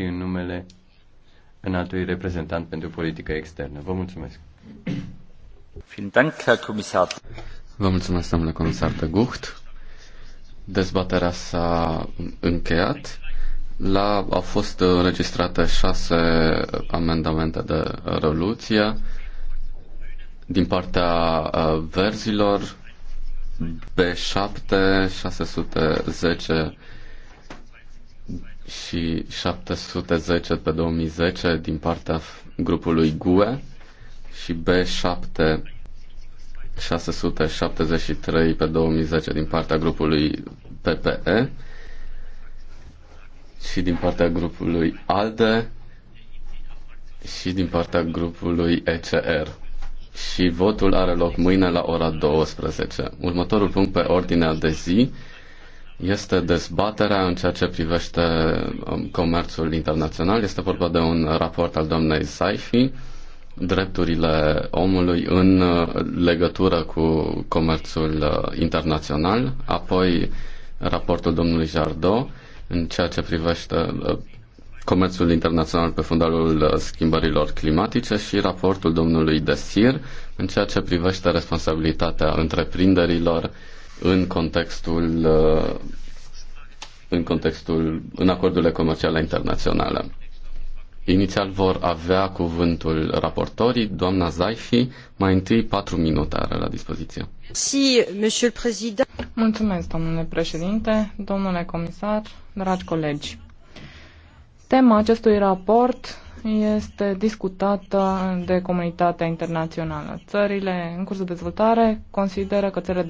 și în numele înaltui reprezentant pentru politică externă. Vă mulțumesc! Vă mulțumesc, domnule comisar de Gucht. Dezbaterea s-a încheiat. La, au fost înregistrate șase amendamente de rezoluție din partea uh, verzilor B7 610 și 710 pe 2010 din partea grupului GUE și B7 673 pe 2010 din partea grupului PPE și din partea grupului ALDE și din partea grupului ECR. Și votul are loc mâine la ora 12. Următorul punct pe ordinea de zi este dezbaterea în ceea ce privește um, comerțul internațional. Este vorba de un raport al doamnei Saifi, drepturile omului în uh, legătură cu comerțul uh, internațional, apoi raportul domnului Jardot în ceea ce privește uh, comerțul internațional pe fundalul schimbărilor climatice și raportul domnului Desir în ceea ce privește responsabilitatea întreprinderilor în contextul în contextul, în acordurile comerciale internaționale. Inițial vor avea cuvântul raportorii, doamna Zaifi, mai întâi patru minute are la dispoziție. Mulțumesc, domnule președinte, domnule comisar, dragi colegi. Tema acestui raport este discutată de comunitatea internațională. Țările în curs de dezvoltare consideră că țările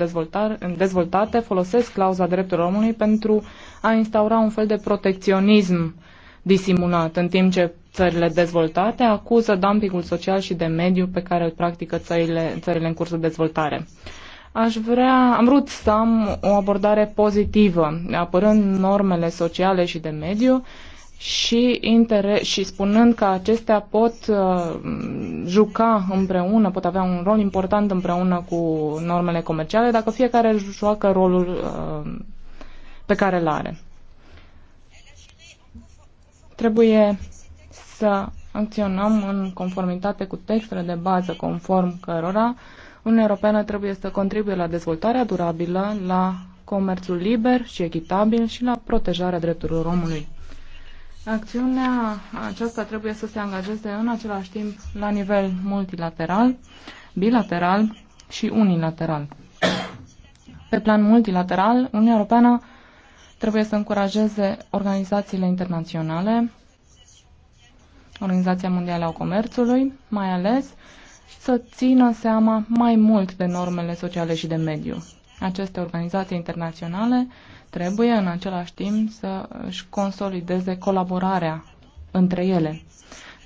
dezvoltate folosesc clauza drepturilor omului pentru a instaura un fel de protecționism disimulat, în timp ce țările dezvoltate acuză dumpingul social și de mediu pe care îl practică țările, țările în curs de dezvoltare. Aș vrea, am vrut să am o abordare pozitivă, apărând normele sociale și de mediu, și, inter- și spunând că acestea pot uh, juca împreună, pot avea un rol important împreună cu normele comerciale, dacă fiecare joacă rolul uh, pe care îl are. Trebuie să acționăm în conformitate cu textele de bază conform cărora Uniunea Europeană trebuie să contribuie la dezvoltarea durabilă, la comerțul liber și echitabil și la protejarea drepturilor omului. Acțiunea aceasta trebuie să se angajeze în același timp la nivel multilateral, bilateral și unilateral. Pe plan multilateral, Uniunea Europeană trebuie să încurajeze organizațiile internaționale, Organizația Mondială a Comerțului, mai ales să țină seama mai mult de normele sociale și de mediu. Aceste organizații internaționale Trebuie în același timp să își consolideze colaborarea între ele.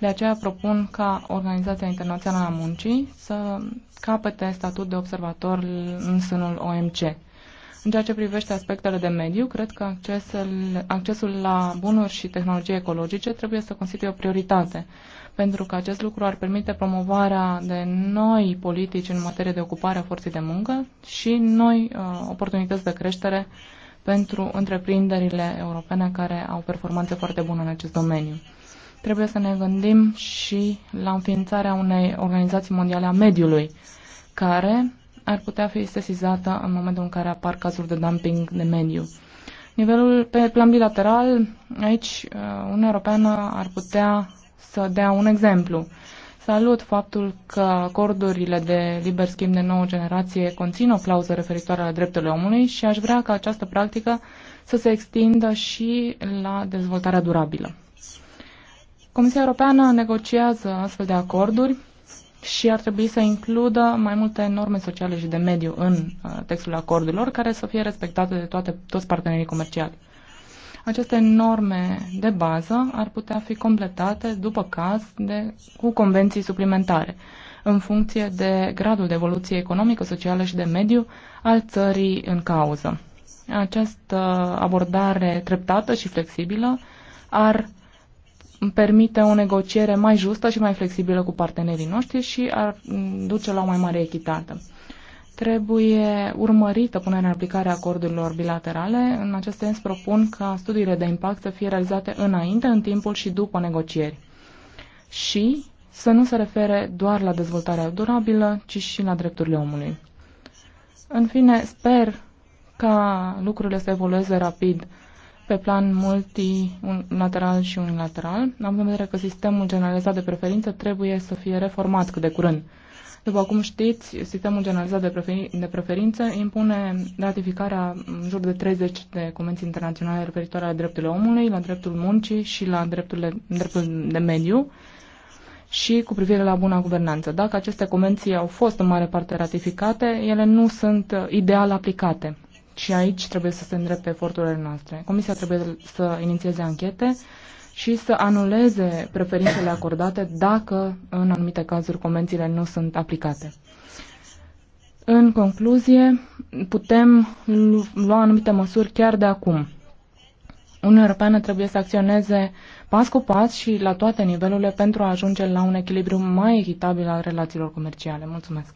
De aceea propun ca Organizația Internațională a Muncii să capete statut de observator în sânul OMC. În ceea ce privește aspectele de mediu, cred că accesul, accesul la bunuri și tehnologii ecologice trebuie să constituie o prioritate, pentru că acest lucru ar permite promovarea de noi politici în materie de ocupare a forței de muncă și noi uh, oportunități de creștere pentru întreprinderile europene care au performanțe foarte bune în acest domeniu. Trebuie să ne gândim și la înființarea unei organizații mondiale a mediului, care ar putea fi sesizată în momentul în care apar cazuri de dumping de mediu. Nivelul pe plan bilateral, aici uh, Uniunea Europeană ar putea să dea un exemplu. Salut faptul că acordurile de liber schimb de nouă generație conțin o clauză referitoare la drepturile omului și aș vrea ca această practică să se extindă și la dezvoltarea durabilă. Comisia Europeană negociază astfel de acorduri și ar trebui să includă mai multe norme sociale și de mediu în uh, textul acordurilor care să fie respectate de toate, toți partenerii comerciali. Aceste norme de bază ar putea fi completate, după caz, de, cu convenții suplimentare, în funcție de gradul de evoluție economică, socială și de mediu al țării în cauză. Această abordare treptată și flexibilă ar permite o negociere mai justă și mai flexibilă cu partenerii noștri și ar duce la o mai mare echitate. Trebuie urmărită punerea în aplicare a acordurilor bilaterale. În acest sens propun ca studiile de impact să fie realizate înainte, în timpul și după negocieri. Și să nu se refere doar la dezvoltarea durabilă, ci și la drepturile omului. În fine, sper ca lucrurile să evolueze rapid pe plan multilateral și unilateral, am în vedere că sistemul generalizat de preferință trebuie să fie reformat cât de curând. După cum știți, sistemul generalizat de, preferin- de preferințe impune ratificarea în jur de 30 de convenții internaționale referitoare la drepturile omului, la dreptul muncii și la drepturile, dreptul de mediu și cu privire la buna guvernanță. Dacă aceste convenții au fost în mare parte ratificate, ele nu sunt uh, ideal aplicate. Și aici trebuie să se îndrepte eforturile noastre. Comisia trebuie să inițieze anchete și să anuleze preferințele acordate dacă, în anumite cazuri, convențiile nu sunt aplicate. În concluzie, putem lua anumite măsuri chiar de acum. Uniunea Europeană trebuie să acționeze pas cu pas și la toate nivelurile pentru a ajunge la un echilibru mai echitabil al relațiilor comerciale. Mulțumesc!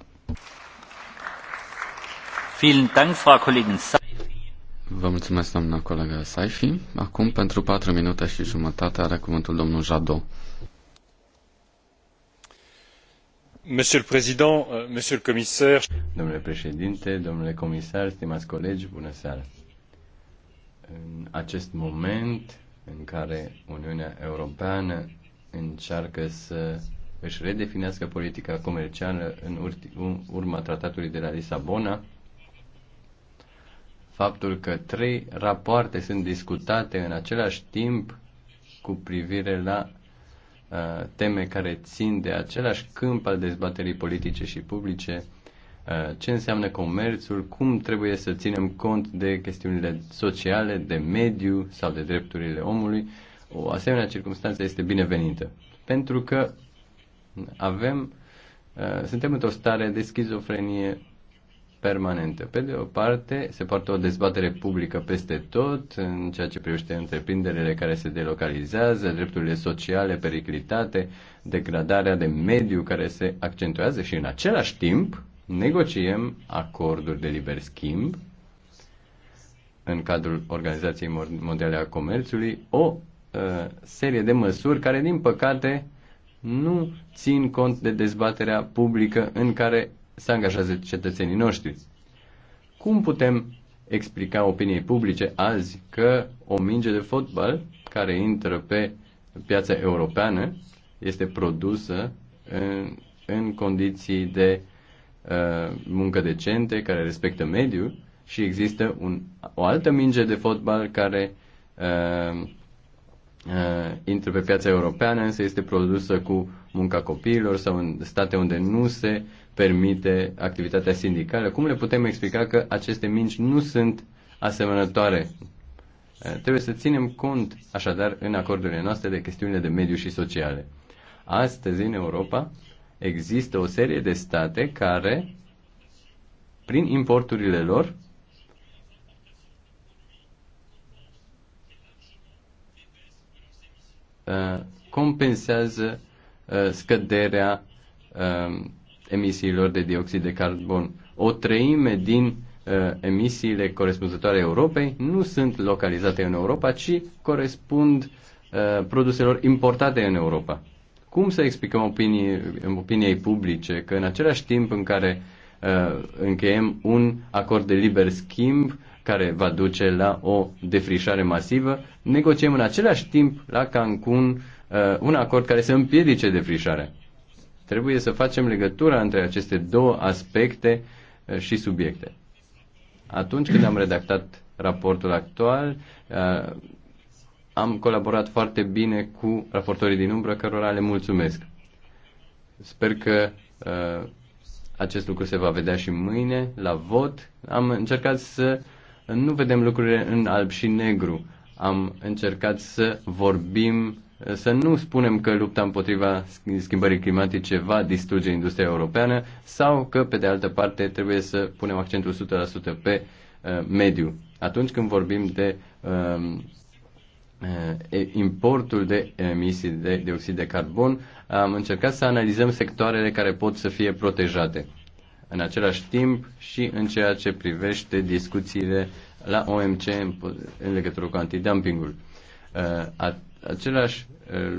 Vă mulțumesc, doamna colegă Saifi. Acum, pentru patru minute și jumătate, are cuvântul domnul Jado. Monsieur le Président, euh, Monsieur le Commissaire. Domnule președinte, domnule comisar, stimați colegi, bună seara. În acest moment în care Uniunea Europeană încearcă să își redefinească politica comercială în urma tratatului de la Lisabona, faptul că trei rapoarte sunt discutate în același timp cu privire la uh, teme care țin de același câmp al dezbaterii politice și publice, uh, ce înseamnă comerțul, cum trebuie să ținem cont de chestiunile sociale, de mediu sau de drepturile omului, o asemenea circunstanță este binevenită. Pentru că avem, uh, suntem într-o stare de schizofrenie permanentă. Pe de o parte, se poartă o dezbatere publică peste tot în ceea ce privește întreprinderile care se delocalizează, drepturile sociale periclitate, degradarea de mediu care se accentuează și în același timp negociem acorduri de liber schimb în cadrul Organizației Mondiale a Comerțului o uh, serie de măsuri care, din păcate, nu țin cont de dezbaterea publică în care se angajează cetățenii noștri. Cum putem explica opiniei publice azi că o minge de fotbal care intră pe piața europeană este produsă în, în condiții de uh, muncă decente, care respectă mediul și există un, o altă minge de fotbal care uh, uh, intră pe piața europeană, însă este produsă cu munca copiilor sau în state unde nu se permite activitatea sindicală, cum le putem explica că aceste minci nu sunt asemănătoare? Eh, trebuie să ținem cont, așadar, în acordurile noastre de chestiunile de mediu și sociale. Astăzi, în Europa, există o serie de state care, prin importurile lor, eh, compensează Uh, scăderea um, emisiilor de dioxid de carbon. O treime din uh, emisiile corespunzătoare Europei nu sunt localizate în Europa, ci corespund uh, produselor importate în Europa. Cum să explicăm opinii, opiniei publice că în același timp în care uh, încheiem un acord de liber schimb care va duce la o defrișare masivă, negociem în același timp la Cancun Uh, un acord care să împiedice defrișarea. Trebuie să facem legătura între aceste două aspecte uh, și subiecte. Atunci când am redactat raportul actual, uh, am colaborat foarte bine cu raportorii din umbră, cărora le mulțumesc. Sper că uh, acest lucru se va vedea și mâine la vot. Am încercat să nu vedem lucrurile în alb și negru. Am încercat să vorbim să nu spunem că lupta împotriva schimbării climatice va distruge industria europeană sau că, pe de altă parte, trebuie să punem accentul 100% pe uh, mediu. Atunci când vorbim de um, uh, importul de emisii de dioxid de carbon, am încercat să analizăm sectoarele care pot să fie protejate. În același timp și în ceea ce privește discuțiile la OMC în legătură cu antidumpingul. Uh, același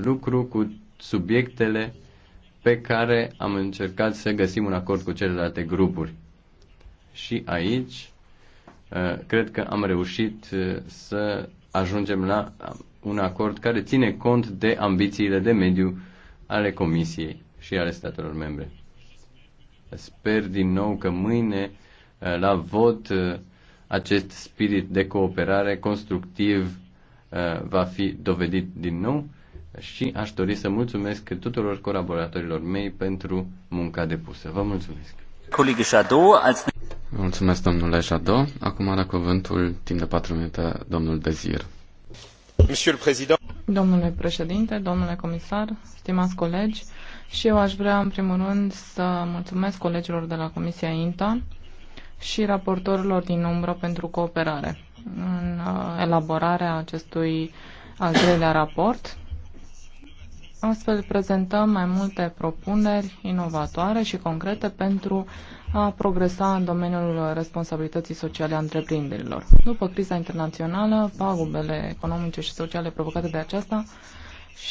lucru cu subiectele pe care am încercat să găsim un acord cu celelalte grupuri. Și aici cred că am reușit să ajungem la un acord care ține cont de ambițiile de mediu ale Comisiei și ale statelor membre. Sper din nou că mâine la vot acest spirit de cooperare constructiv Uh, va fi dovedit din nou și aș dori să mulțumesc tuturor colaboratorilor mei pentru munca depusă. Vă mulțumesc! Colegii Mulțumesc, domnule Jadot. Acum are cuvântul, timp de patru minute, domnul Dezir. Domnule președinte, domnule comisar, stimați colegi, și eu aș vrea, în primul rând, să mulțumesc colegilor de la Comisia INTA și raportorilor din umbră pentru cooperare în uh, elaborarea acestui al treilea raport. Astfel prezentăm mai multe propuneri inovatoare și concrete pentru a progresa în domeniul responsabilității sociale a întreprinderilor. După criza internațională, pagubele economice și sociale provocate de aceasta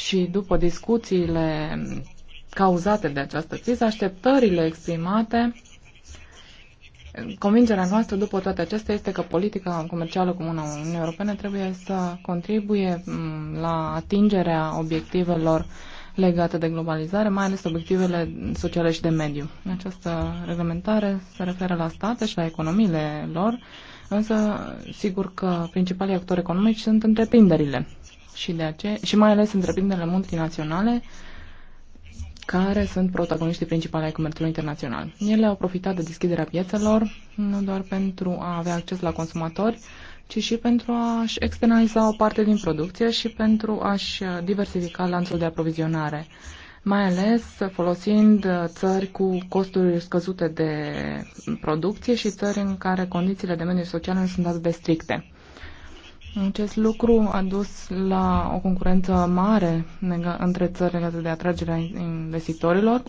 și după discuțiile cauzate de această criză, așteptările exprimate Convingerea noastră după toate acestea este că politica comercială comună a Uniunii Europene trebuie să contribuie mm, la atingerea obiectivelor legate de globalizare, mai ales obiectivele sociale și de mediu. Această reglementare se referă la state și la economiile lor, însă sigur că principalii actori economici sunt întreprinderile și, de aceea, și mai ales întreprinderile multinaționale care sunt protagoniștii principali ai comerțului internațional. Ele au profitat de deschiderea piețelor nu doar pentru a avea acces la consumatori, ci și pentru a-și externaliza o parte din producție și pentru a-și diversifica lanțul de aprovizionare, mai ales folosind țări cu costuri scăzute de producție și țări în care condițiile de mediu social nu sunt atât de stricte. Acest lucru a dus la o concurență mare între țări legate de atragerea investitorilor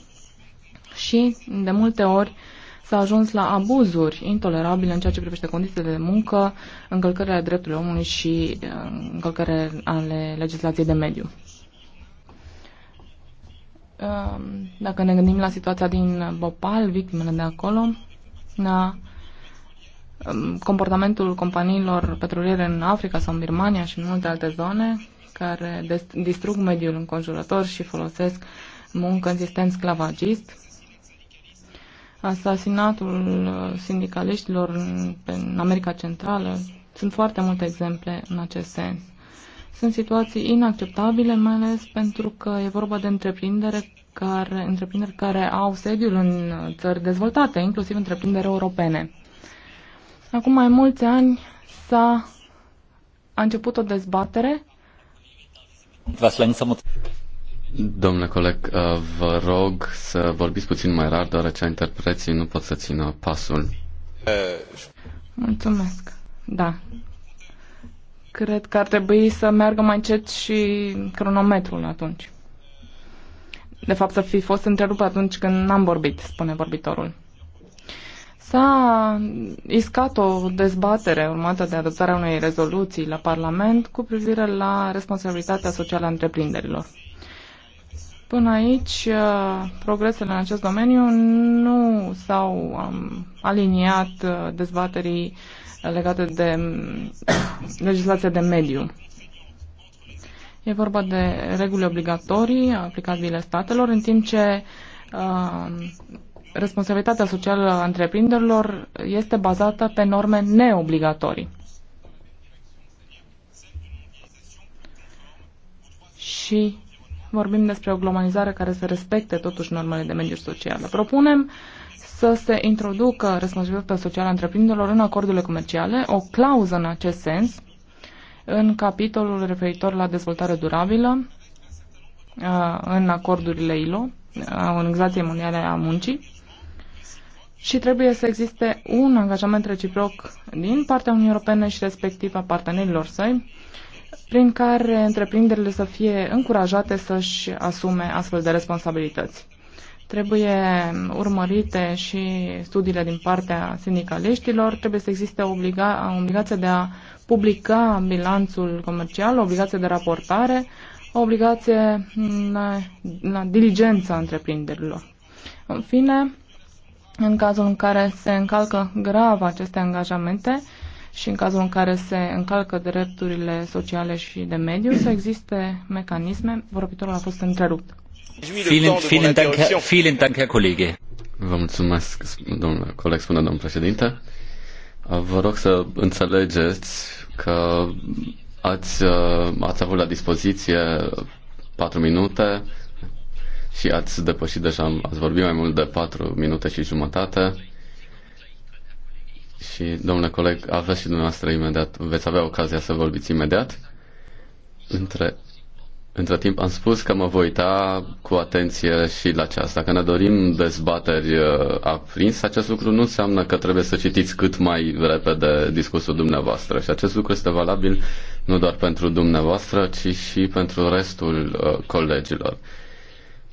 și, de multe ori, s-a ajuns la abuzuri intolerabile în ceea ce privește condițiile de muncă, încălcările drepturilor omului și uh, încălcările ale legislației de mediu. Um, dacă ne gândim la situația din Bhopal, victimele de acolo, na, da, Um, comportamentul companiilor petroliere în Africa sau în Birmania și în multe alte zone care distrug mediul înconjurător și folosesc muncă în sistem sclavagist. Asasinatul uh, sindicaliștilor în America Centrală. Sunt foarte multe exemple în acest sens. Sunt situații inacceptabile, mai ales pentru că e vorba de întreprindere care, întreprinderi care au sediul în uh, țări dezvoltate, inclusiv întreprinderi europene. Acum mai mulți ani s-a a început o dezbatere. Domnule coleg, uh, vă rog să vorbiți puțin mai rar, deoarece interpreții nu pot să țină pasul. Mulțumesc. Da. Cred că ar trebui să meargă mai încet și cronometrul atunci. De fapt, să fi fost întrerupt atunci când n-am vorbit, spune vorbitorul. S-a iscat o dezbatere urmată de adoptarea unei rezoluții la Parlament cu privire la responsabilitatea socială a întreprinderilor. Până aici, uh, progresele în acest domeniu nu s-au um, aliniat uh, dezbaterii legate de um, legislația de mediu. E vorba de reguli obligatorii aplicabile statelor, în timp ce uh, responsabilitatea socială a întreprinderilor este bazată pe norme neobligatorii. Și vorbim despre o globalizare care să respecte totuși normele de mediu social. Propunem să se introducă responsabilitatea socială a întreprinderilor în acordurile comerciale, o clauză în acest sens, în capitolul referitor la dezvoltare durabilă, în acordurile ILO, a Organizației Mondiale a Muncii, și trebuie să existe un angajament reciproc din partea Uniunii Europene și respectiv a partenerilor săi, prin care întreprinderile să fie încurajate să-și asume astfel de responsabilități. Trebuie urmărite și studiile din partea sindicaliștilor, trebuie să existe obliga- obligația de a publica bilanțul comercial, obligație de raportare, obligație la, la diligența întreprinderilor. În fine, în cazul în care se încalcă grav aceste angajamente și în cazul în care se încalcă drepturile sociale și de mediu, să existe mecanisme. Vorbitorul a fost întrerupt. Vă mulțumesc, domnule coleg, spune domnul președinte. Vă rog să înțelegeți că ați, ați avut la dispoziție patru minute și ați depășit deja, ați vorbit mai mult de 4 minute și jumătate. Și, domnule coleg, aveți și dumneavoastră imediat, veți avea ocazia să vorbiți imediat. Între, între timp am spus că mă voi uita cu atenție și la ceas. Dacă ne dorim dezbateri uh, aprins, acest lucru nu înseamnă că trebuie să citiți cât mai repede discursul dumneavoastră. Și acest lucru este valabil nu doar pentru dumneavoastră, ci și pentru restul uh, colegilor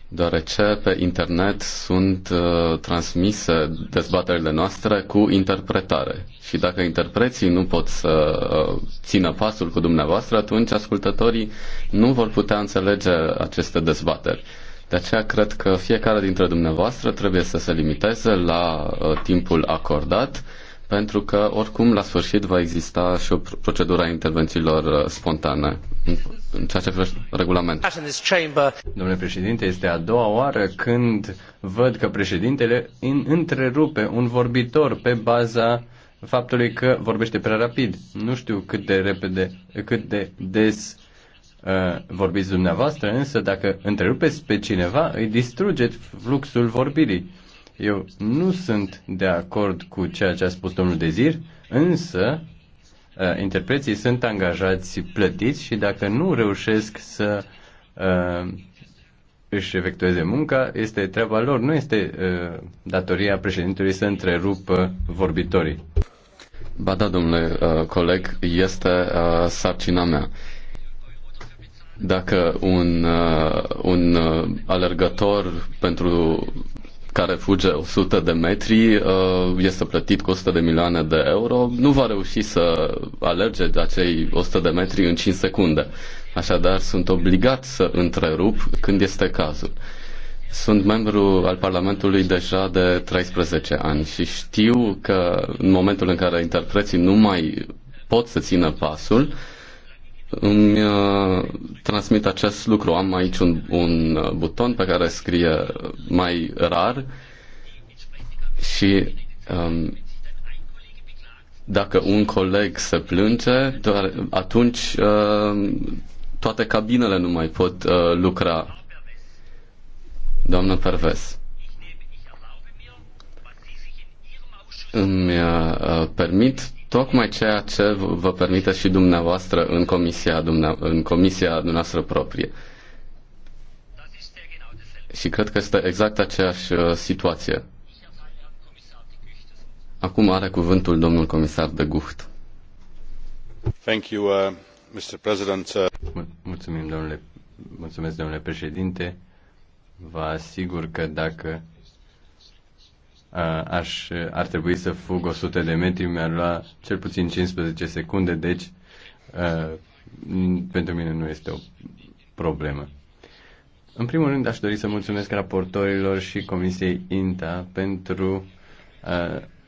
deoarece pe internet sunt uh, transmise dezbaterile noastre cu interpretare. Și dacă interpreții nu pot să uh, țină pasul cu dumneavoastră, atunci ascultătorii nu vor putea înțelege aceste dezbateri. De aceea cred că fiecare dintre dumneavoastră trebuie să se limiteze la uh, timpul acordat pentru că oricum la sfârșit va exista și o procedură a intervențiilor uh, spontane în ceea ce privește regulamentul. Domnule președinte, este a doua oară când văd că președintele întrerupe un vorbitor pe baza faptului că vorbește prea rapid. Nu știu cât de repede, cât de des uh, vorbiți dumneavoastră, însă dacă întrerupeți pe cineva, îi distrugeți fluxul vorbirii eu nu sunt de acord cu ceea ce a spus domnul Dezir, însă uh, interpreții sunt angajați plătiți și dacă nu reușesc să uh, își efectueze munca, este treaba lor, nu este uh, datoria președintelui să întrerupă vorbitorii. Ba da, domnule uh, coleg, este uh, sarcina mea. Dacă un, uh, un uh, alergător pentru care fuge 100 de metri uh, este plătit cu 100 de milioane de euro, nu va reuși să alerge de acei 100 de metri în 5 secunde. Așadar, sunt obligat să întrerup când este cazul. Sunt membru al Parlamentului deja de 13 ani și știu că în momentul în care interpreții nu mai pot să țină pasul, îmi uh, transmit acest lucru. Am aici un, un uh, buton pe care scrie mai rar și um, dacă un coleg se plânge, doar atunci uh, toate cabinele nu mai pot uh, lucra. Doamnă Perves. Îmi uh, permit tocmai ceea ce vă permite și dumneavoastră în comisia, în comisia dumneavoastră proprie. Și cred că este exact aceeași uh, situație. Acum are cuvântul domnul comisar de Gucht. Thank you, uh, Mr. President. Uh. Mulțumim, domnule, mulțumesc, domnule președinte. Vă asigur că dacă aș, ar trebui să fug 100 de metri, mi-ar lua cel puțin 15 secunde, deci pentru mine nu este o problemă. În primul rând, aș dori să mulțumesc raportorilor și Comisiei INTA pentru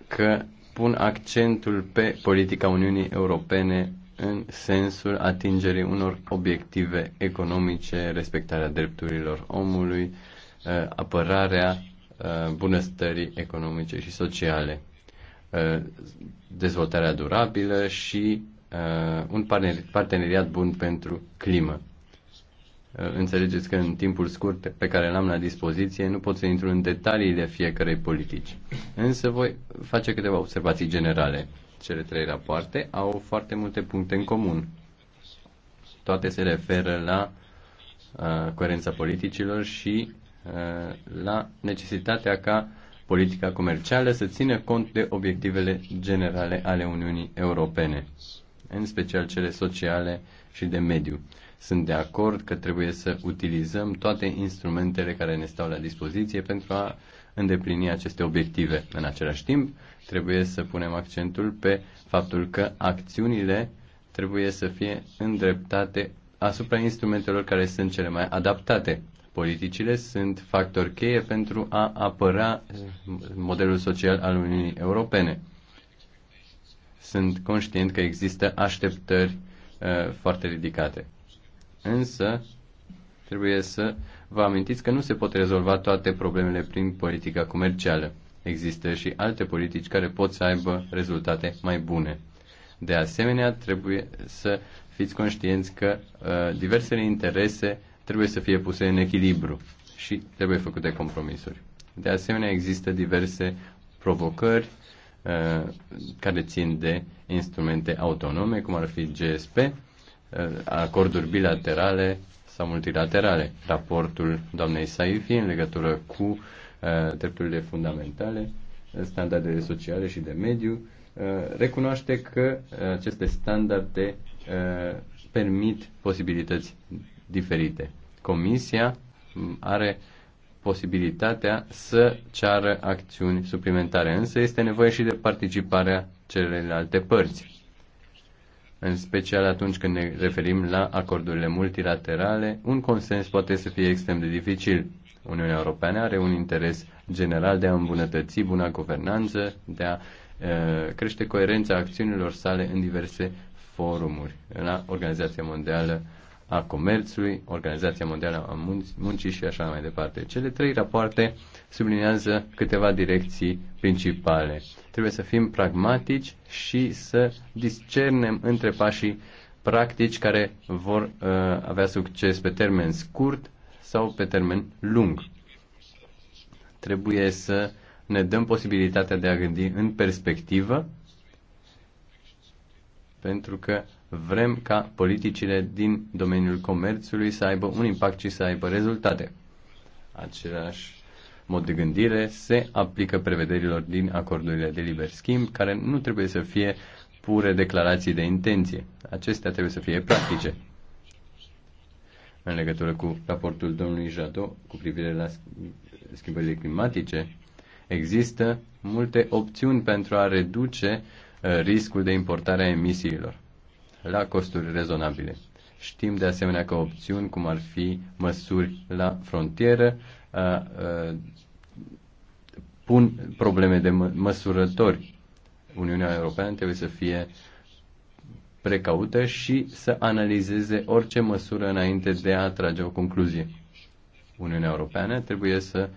că pun accentul pe politica Uniunii Europene în sensul atingerii unor obiective economice, respectarea drepturilor omului, apărarea Uh, bunăstării economice și sociale, uh, dezvoltarea durabilă și uh, un parteneriat bun pentru climă. Înțelegeți că în timpul scurt pe care l-am la dispoziție nu pot să intru în detaliile fiecarei politici. Însă voi face câteva observații generale. Cele trei rapoarte au foarte multe puncte în comun. Toate se referă la uh, coerența politicilor și Eh, la necesitatea ca politica comercială să țină cont de obiectivele generale ale Uniunii Europene, în special cele sociale și de mediu. Sunt de acord că trebuie să utilizăm toate instrumentele care ne stau la dispoziție pentru a îndeplini aceste obiective. În același timp, trebuie să punem accentul pe faptul că acțiunile trebuie să fie îndreptate asupra instrumentelor care sunt cele mai adaptate. Politicile sunt factori cheie pentru a apăra eh, modelul social al Uniunii Europene. Sunt conștient că există așteptări uh, foarte ridicate. Însă, trebuie să vă amintiți că nu se pot rezolva toate problemele prin politica comercială. Există și alte politici care pot să aibă rezultate mai bune. De asemenea, trebuie să fiți conștienți că uh, diversele interese trebuie să fie puse în echilibru și trebuie făcute compromisuri. De asemenea, există diverse provocări uh, care țin de instrumente autonome, cum ar fi GSP, uh, acorduri bilaterale sau multilaterale. Raportul doamnei Saifi în legătură cu uh, drepturile fundamentale, standardele sociale și de mediu, uh, recunoaște că uh, aceste standarde uh, permit posibilități diferite. Comisia are posibilitatea să ceară acțiuni suplimentare, însă este nevoie și de participarea celelalte părți, în special atunci când ne referim la acordurile multilaterale, un consens poate să fie extrem de dificil. Uniunea Europeană are un interes general de a îmbunătăți buna guvernanță, de a crește coerența acțiunilor sale în diverse forumuri, la Organizația Mondială a Comerțului, Organizația Mondială a Muncii și așa mai departe. Cele trei rapoarte sublinează câteva direcții principale. Trebuie să fim pragmatici și să discernem între pașii practici care vor uh, avea succes pe termen scurt sau pe termen lung. Trebuie să ne dăm posibilitatea de a gândi în perspectivă, pentru că Vrem ca politicile din domeniul comerțului să aibă un impact și să aibă rezultate. Același mod de gândire se aplică prevederilor din acordurile de liber schimb, care nu trebuie să fie pure declarații de intenție. Acestea trebuie să fie practice. În legătură cu raportul domnului Jadot cu privire la schimbările climatice, există multe opțiuni pentru a reduce uh, riscul de importare a emisiilor la costuri rezonabile. Știm de asemenea că opțiuni cum ar fi măsuri la frontieră a, a, pun probleme de mă, măsurători. Uniunea Europeană trebuie să fie precaută și să analizeze orice măsură înainte de a trage o concluzie. Uniunea Europeană trebuie să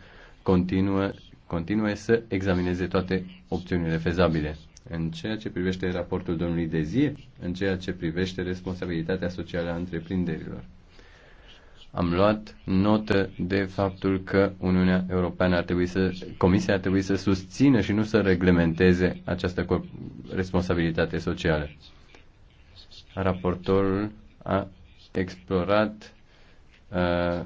continue, continue să examineze toate opțiunile fezabile. În ceea ce privește raportul domnului zi, în ceea ce privește responsabilitatea socială a întreprinderilor. Am luat notă de faptul că Uniunea Europeană ar trebui să, Comisia ar trebui să susțină și nu să reglementeze această responsabilitate socială. Raportorul a explorat uh,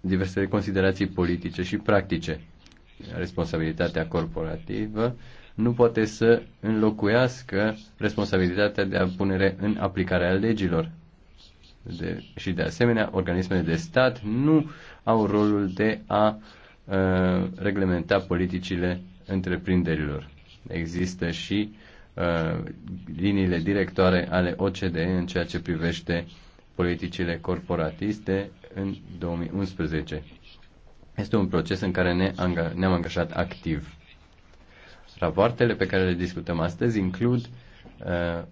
diverse considerații politice și practice. Responsabilitatea corporativă uh, nu poate să înlocuiască responsabilitatea de a punere în aplicare a legilor. De, și de asemenea, organismele de stat nu au rolul de a uh, reglementa politicile întreprinderilor. Există și uh, liniile directoare ale OCDE în ceea ce privește politicile corporatiste în 2011. Este un proces în care ne-am angajat activ. Rapoartele pe care le discutăm astăzi includ uh,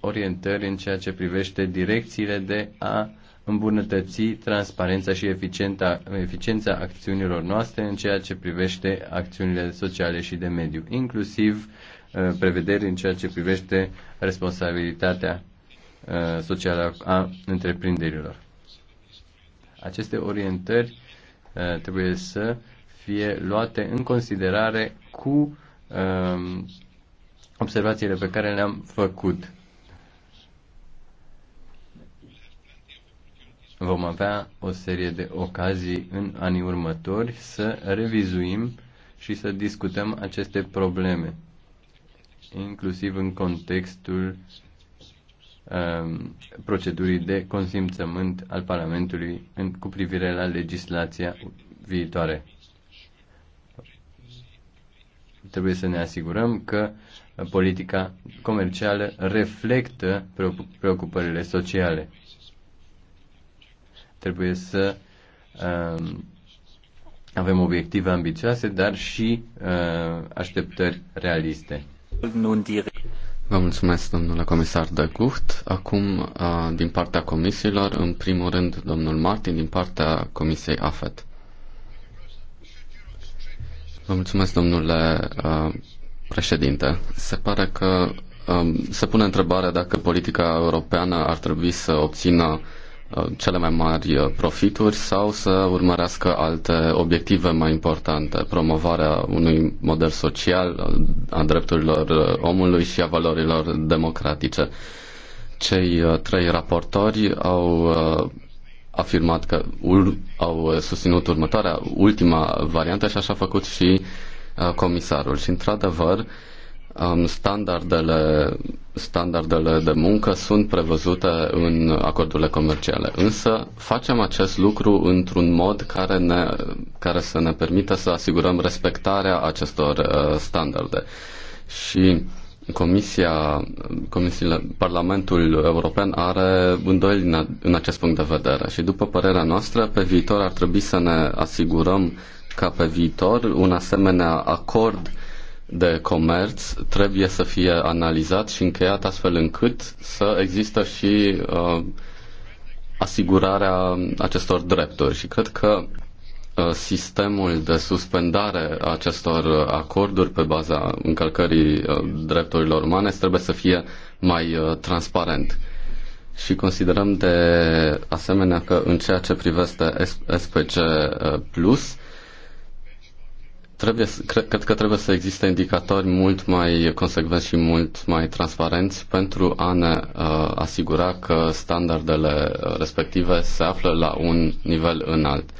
orientări în ceea ce privește direcțiile de a îmbunătăți transparența și eficienta, eficiența acțiunilor noastre în ceea ce privește acțiunile sociale și de mediu, inclusiv uh, prevederi în ceea ce privește responsabilitatea uh, socială a întreprinderilor. Aceste orientări uh, trebuie să fie luate în considerare cu Um, observațiile pe care le-am făcut. Vom avea o serie de ocazii în anii următori să revizuim și să discutăm aceste probleme, inclusiv în contextul um, procedurii de consimțământ al Parlamentului în, cu privire la legislația viitoare trebuie să ne asigurăm că politica comercială reflectă preocupările sociale. Trebuie să um, avem obiective ambițioase, dar și uh, așteptări realiste. Vă mulțumesc, domnule comisar de Gucht. Acum, uh, din partea comisiilor, în primul rând, domnul Martin, din partea Comisiei AFET. Vă mulțumesc, domnule uh, președinte. Se pare că um, se pune întrebarea dacă politica europeană ar trebui să obțină uh, cele mai mari uh, profituri sau să urmărească alte obiective mai importante, promovarea unui model social, a drepturilor omului și a valorilor democratice. Cei trei raportori au afirmat că ur, au uh, susținut următoarea, ultima variantă și așa a făcut și uh, comisarul. Și într-adevăr, um, standardele, standardele de muncă sunt prevăzute în acordurile comerciale. Însă facem acest lucru într-un mod care, ne, care să ne permită să asigurăm respectarea acestor uh, standarde. Și Comisia, Comisiile, Parlamentul European are îndoieli în, în acest punct de vedere și după părerea noastră, pe viitor ar trebui să ne asigurăm ca pe viitor un asemenea acord de comerț trebuie să fie analizat și încheiat astfel încât să există și uh, asigurarea acestor drepturi. Și cred că Uh, sistemul de suspendare a acestor acorduri pe baza încălcării uh, drepturilor umane trebuie să fie mai uh, transparent. Și considerăm de asemenea că în ceea ce privește SPC Plus, trebuie, cred, că trebuie să existe indicatori mult mai consecvenți și mult mai transparenți pentru a ne asigura că standardele respective se află la un nivel înalt.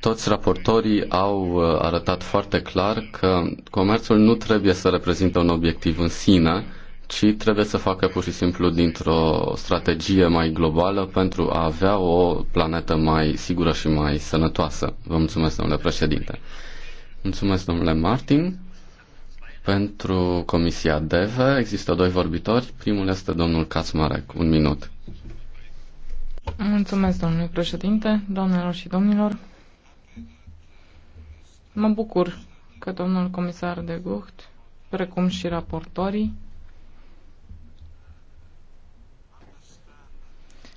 Toți raportorii au uh, arătat foarte clar că comerțul nu trebuie să reprezinte un obiectiv în sine, ci trebuie să facă pur și simplu dintr-o strategie mai globală pentru a avea o planetă mai sigură și mai sănătoasă. Vă mulțumesc, domnule președinte. Mulțumesc, domnule Martin. Pentru Comisia DEVE există doi vorbitori. Primul este domnul Kaczmarek. Un minut. Mulțumesc, domnule președinte, doamnelor și domnilor. Mă bucur că domnul comisar de Gucht, precum și raportorii,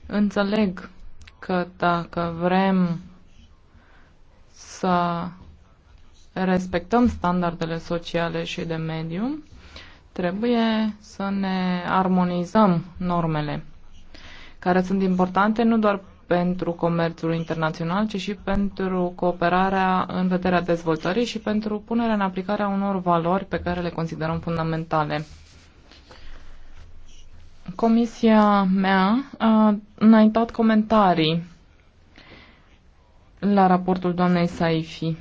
înțeleg că dacă vrem să respectăm standardele sociale și de mediu, trebuie să ne armonizăm normele, care sunt importante nu doar pentru comerțul internațional, ci și pentru cooperarea în vederea dezvoltării și pentru punerea în aplicare a unor valori pe care le considerăm fundamentale. Comisia mea a înaintat comentarii la raportul doamnei Saifi,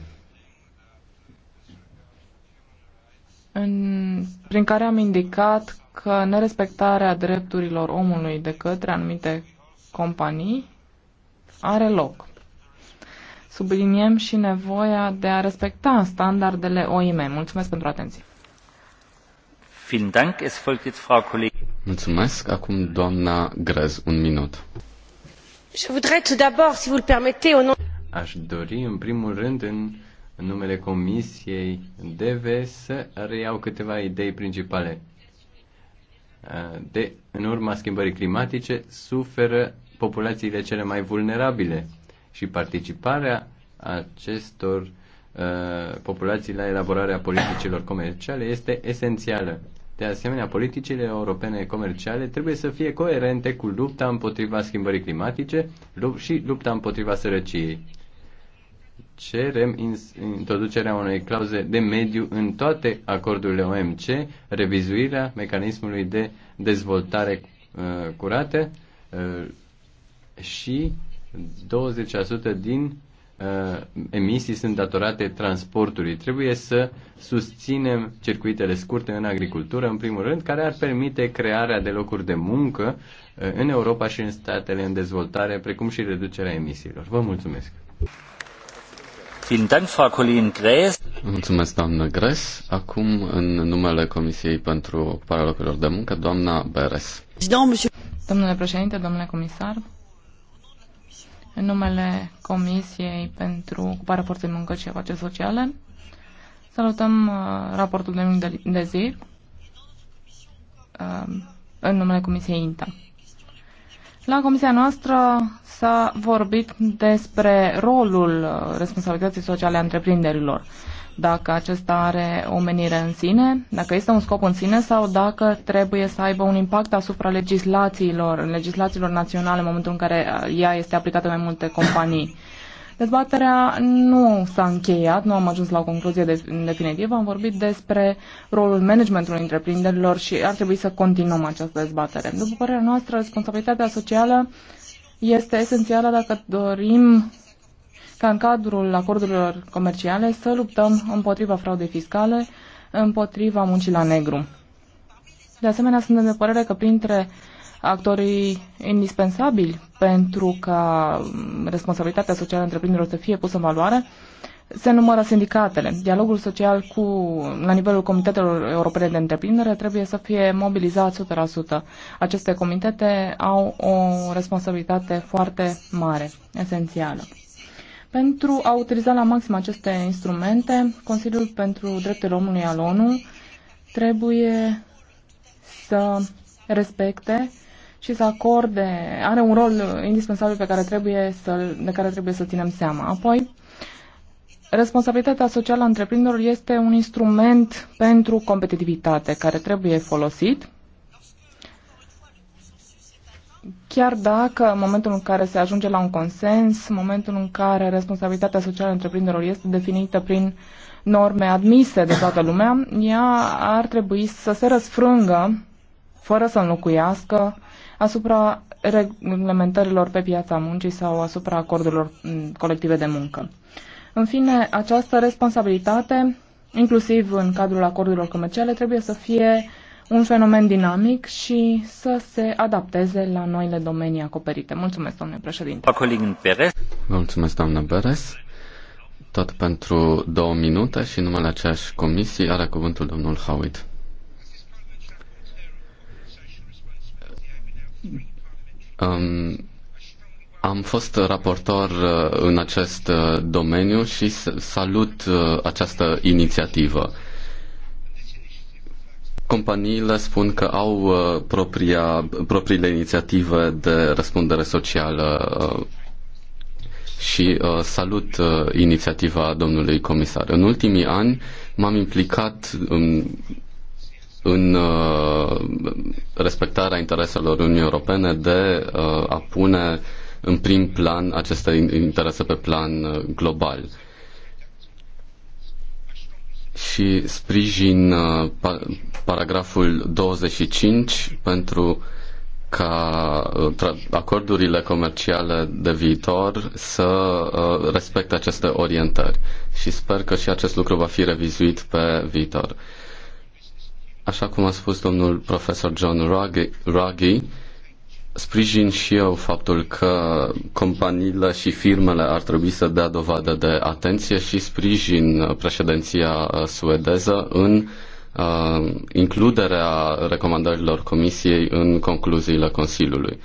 în, prin care am indicat că nerespectarea drepturilor omului de către anumite companii are loc. Subliniem și nevoia de a respecta standardele OIM. Mulțumesc pentru atenție. Mulțumesc. Acum doamna Grez, un minut. Aș dori, în primul rând, în numele Comisiei DV să reiau câteva idei principale. De, în urma schimbării climatice suferă populațiile cele mai vulnerabile și participarea acestor uh, populații la elaborarea politicilor comerciale este esențială. De asemenea, politicile europene comerciale trebuie să fie coerente cu lupta împotriva schimbării climatice și lupta împotriva sărăciei. Cerem introducerea unei clauze de mediu în toate acordurile OMC, revizuirea mecanismului de dezvoltare uh, curată, uh, și 20% din uh, emisii sunt datorate transportului. Trebuie să susținem circuitele scurte în agricultură, în primul rând, care ar permite crearea de locuri de muncă uh, în Europa și în statele în dezvoltare, precum și reducerea emisiilor. Vă mulțumesc! Mulțumesc, doamnă Gres. Acum, în numele Comisiei pentru Ocuparea Locurilor de Muncă, doamna Beres. Domnule președinte, domnule comisar, în numele Comisiei pentru ocuparea forței muncă și afaceri sociale. Salutăm uh, raportul de de, de zi uh, în numele Comisiei INTA. La comisia noastră s-a vorbit despre rolul uh, responsabilității sociale a întreprinderilor dacă acesta are o menire în sine, dacă este un scop în sine sau dacă trebuie să aibă un impact asupra legislațiilor, legislațiilor naționale în momentul în care uh, ea este aplicată mai multe companii. Dezbaterea nu s-a încheiat, nu am ajuns la o concluzie de, definitivă, am vorbit despre rolul managementului întreprinderilor și ar trebui să continuăm această dezbatere. După părerea noastră, responsabilitatea socială este esențială dacă dorim ca în cadrul acordurilor comerciale să luptăm împotriva fraudei fiscale, împotriva muncii la negru. De asemenea, suntem de părere că printre actorii indispensabili pentru ca responsabilitatea socială a întreprinderilor să fie pusă în valoare, se numără sindicatele. Dialogul social cu, la nivelul comitetelor europene de întreprindere trebuie să fie mobilizat 100%. Aceste comitete au o responsabilitate foarte mare, esențială. Pentru a utiliza la maxim aceste instrumente, Consiliul pentru Drepturile Omului al ONU trebuie să respecte și să acorde, are un rol indispensabil pe care trebuie să, de care trebuie să ținem seama. Apoi, responsabilitatea socială a întreprinderilor este un instrument pentru competitivitate care trebuie folosit chiar dacă în momentul în care se ajunge la un consens, în momentul în care responsabilitatea socială a întreprinderilor este definită prin norme admise de toată lumea, ea ar trebui să se răsfrângă, fără să înlocuiască, asupra reglementărilor pe piața muncii sau asupra acordurilor mm, colective de muncă. În fine, această responsabilitate, inclusiv în cadrul acordurilor comerciale, trebuie să fie un fenomen dinamic și să se adapteze la noile domenii acoperite. Mulțumesc, domnule președinte. mulțumesc, doamnă Beres. Tot pentru două minute și numele aceeași comisii are cuvântul domnul Howitt. Um, am fost raportor uh, în acest uh, domeniu și salut uh, această inițiativă companiile spun că au uh, propria, propriile inițiative de răspundere socială uh, și uh, salut inițiativa domnului comisar. În ultimii ani m-am implicat în, în respectarea intereselor Uniunii Europene de a pune în prim plan aceste interese pe plan global și sprijin uh, paragraful 25 pentru ca uh, acordurile comerciale de viitor să uh, respecte aceste orientări și sper că și acest lucru va fi revizuit pe viitor. Așa cum a spus domnul profesor John Ruggie, Sprijin și eu faptul că companiile și firmele ar trebui să dea dovadă de atenție și sprijin președinția uh, suedeză în uh, includerea recomandărilor Comisiei în concluziile Consiliului.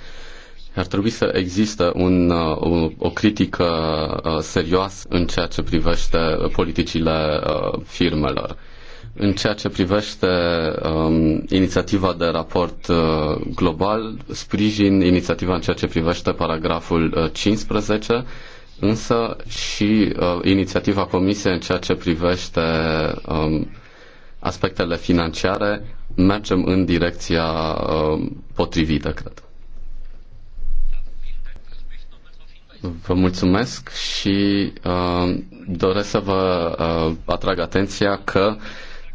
Ar trebui să existe un, uh, o, o critică uh, serioasă în ceea ce privește politicile firmelor. În ceea ce privește um, inițiativa de raport uh, global, sprijin inițiativa în ceea ce privește paragraful uh, 15, însă și uh, inițiativa Comisiei în ceea ce privește um, aspectele financiare, mergem în direcția uh, potrivită, cred. Vă mulțumesc și uh, doresc să vă uh, atrag atenția că uh,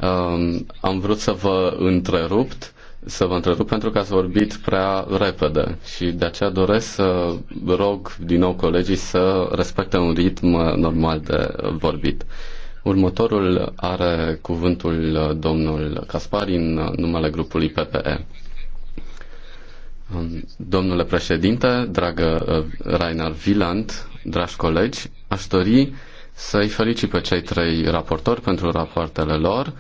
Um, am vrut să vă întrerupt, să vă întrerup pentru că ați vorbit prea repede și de aceea doresc să rog din nou colegii să respecte un ritm normal de vorbit. Următorul are cuvântul domnul Caspari în numele grupului PPE. Um, domnule președinte, dragă uh, Rainer Wieland, dragi colegi, aș dori să-i felicit pe cei trei raportori pentru rapoartele lor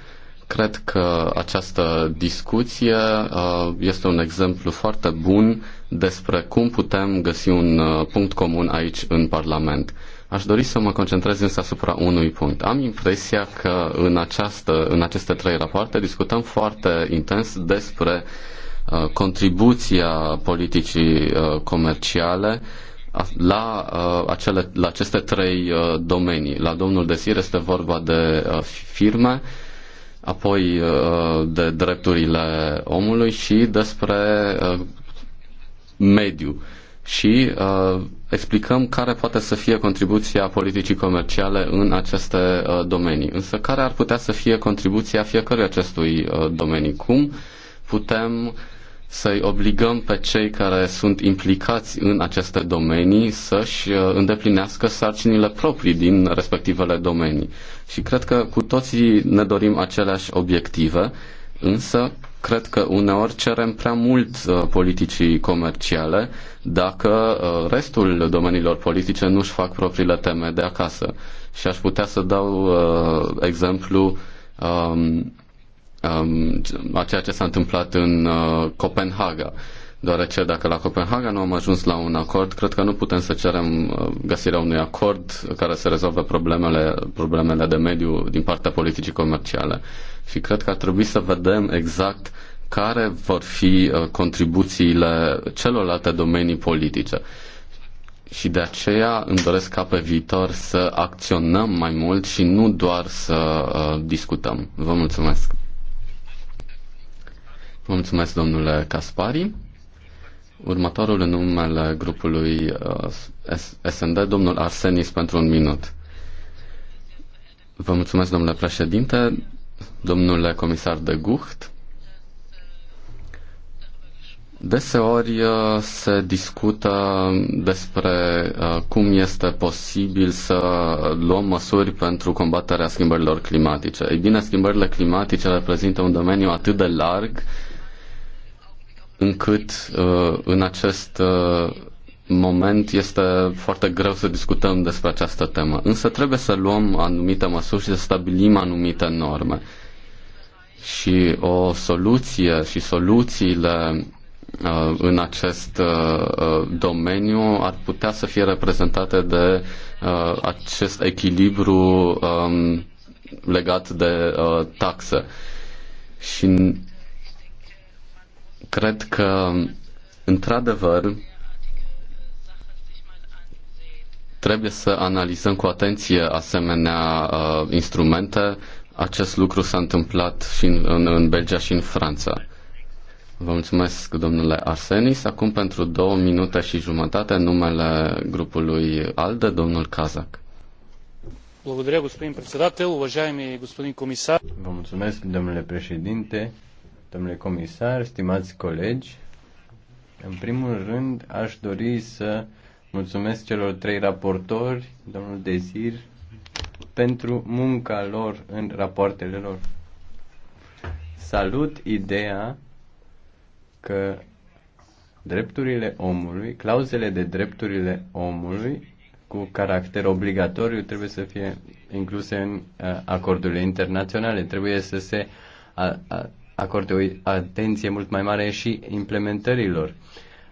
Cred că această discuție uh, este un exemplu foarte bun despre cum putem găsi un uh, punct comun aici în Parlament. Aș dori să mă concentrez însă asupra unui punct. Am impresia că în, această, în aceste trei rapoarte discutăm foarte intens despre uh, contribuția politicii comerciale la, acele, la aceste trei domenii. La domnul Desir este vorba de firme, apoi uh, de drepturile omului și despre uh, mediu și uh, explicăm care poate să fie contribuția politicii comerciale în aceste uh, domenii. Însă care ar putea să fie contribuția fiecărui acestui uh, domenii? Cum putem să-i obligăm pe cei care sunt implicați în aceste domenii să-și uh, îndeplinească sarcinile proprii din respectivele domenii. Și cred că cu toții ne dorim aceleași obiective, însă cred că uneori cerem prea mult uh, politicii comerciale dacă uh, restul domeniilor politice nu își fac propriile teme de acasă. Și aș putea să dau uh, exemplu um, Um, a ceea ce s-a întâmplat în uh, Copenhaga. Deoarece dacă la Copenhaga nu am ajuns la un acord, cred că nu putem să cerem uh, găsirea unui acord care să rezolve problemele, problemele de mediu din partea politicii comerciale. Și cred că ar trebui să vedem exact care vor fi uh, contribuțiile celorlalte domenii politice și de aceea îmi doresc ca pe viitor să acționăm mai mult și nu doar să discutăm. Vă mulțumesc! Mulțumesc, domnule Caspari. Următorul în numele grupului uh, SND, domnul Arsenis, pentru un minut. Vă mulțumesc, domnule președinte, domnule comisar de Gucht. Deseori uh, se discută despre uh, cum este posibil să luăm măsuri pentru combaterea schimbărilor climatice. Ei bine, schimbările climatice reprezintă un domeniu atât de larg încât uh, în acest uh, moment este foarte greu să discutăm despre această temă. Însă trebuie să luăm anumite măsuri și să stabilim anumite norme. Și o soluție și soluțiile uh, în acest domeniu ar putea să fie reprezentate de acest echilibru um, legat de taxe. Și Cred că, într-adevăr, trebuie să analizăm cu atenție asemenea uh, instrumente. Acest lucru s-a întâmplat și în, în, în Belgia și în Franța. Vă mulțumesc, domnule Arsenis. Acum, pentru două minute și jumătate, numele grupului ALDE, domnul Kazak. Vă mulțumesc, domnule președinte, domnule comisar, stimați colegi, în primul rând aș dori să mulțumesc celor trei raportori, domnul Desir, pentru munca lor în rapoartele lor. Salut ideea că drepturile omului, clauzele de drepturile omului cu caracter obligatoriu trebuie să fie incluse în uh, acordurile internaționale, trebuie să se acorde o atenție mult mai mare și implementărilor.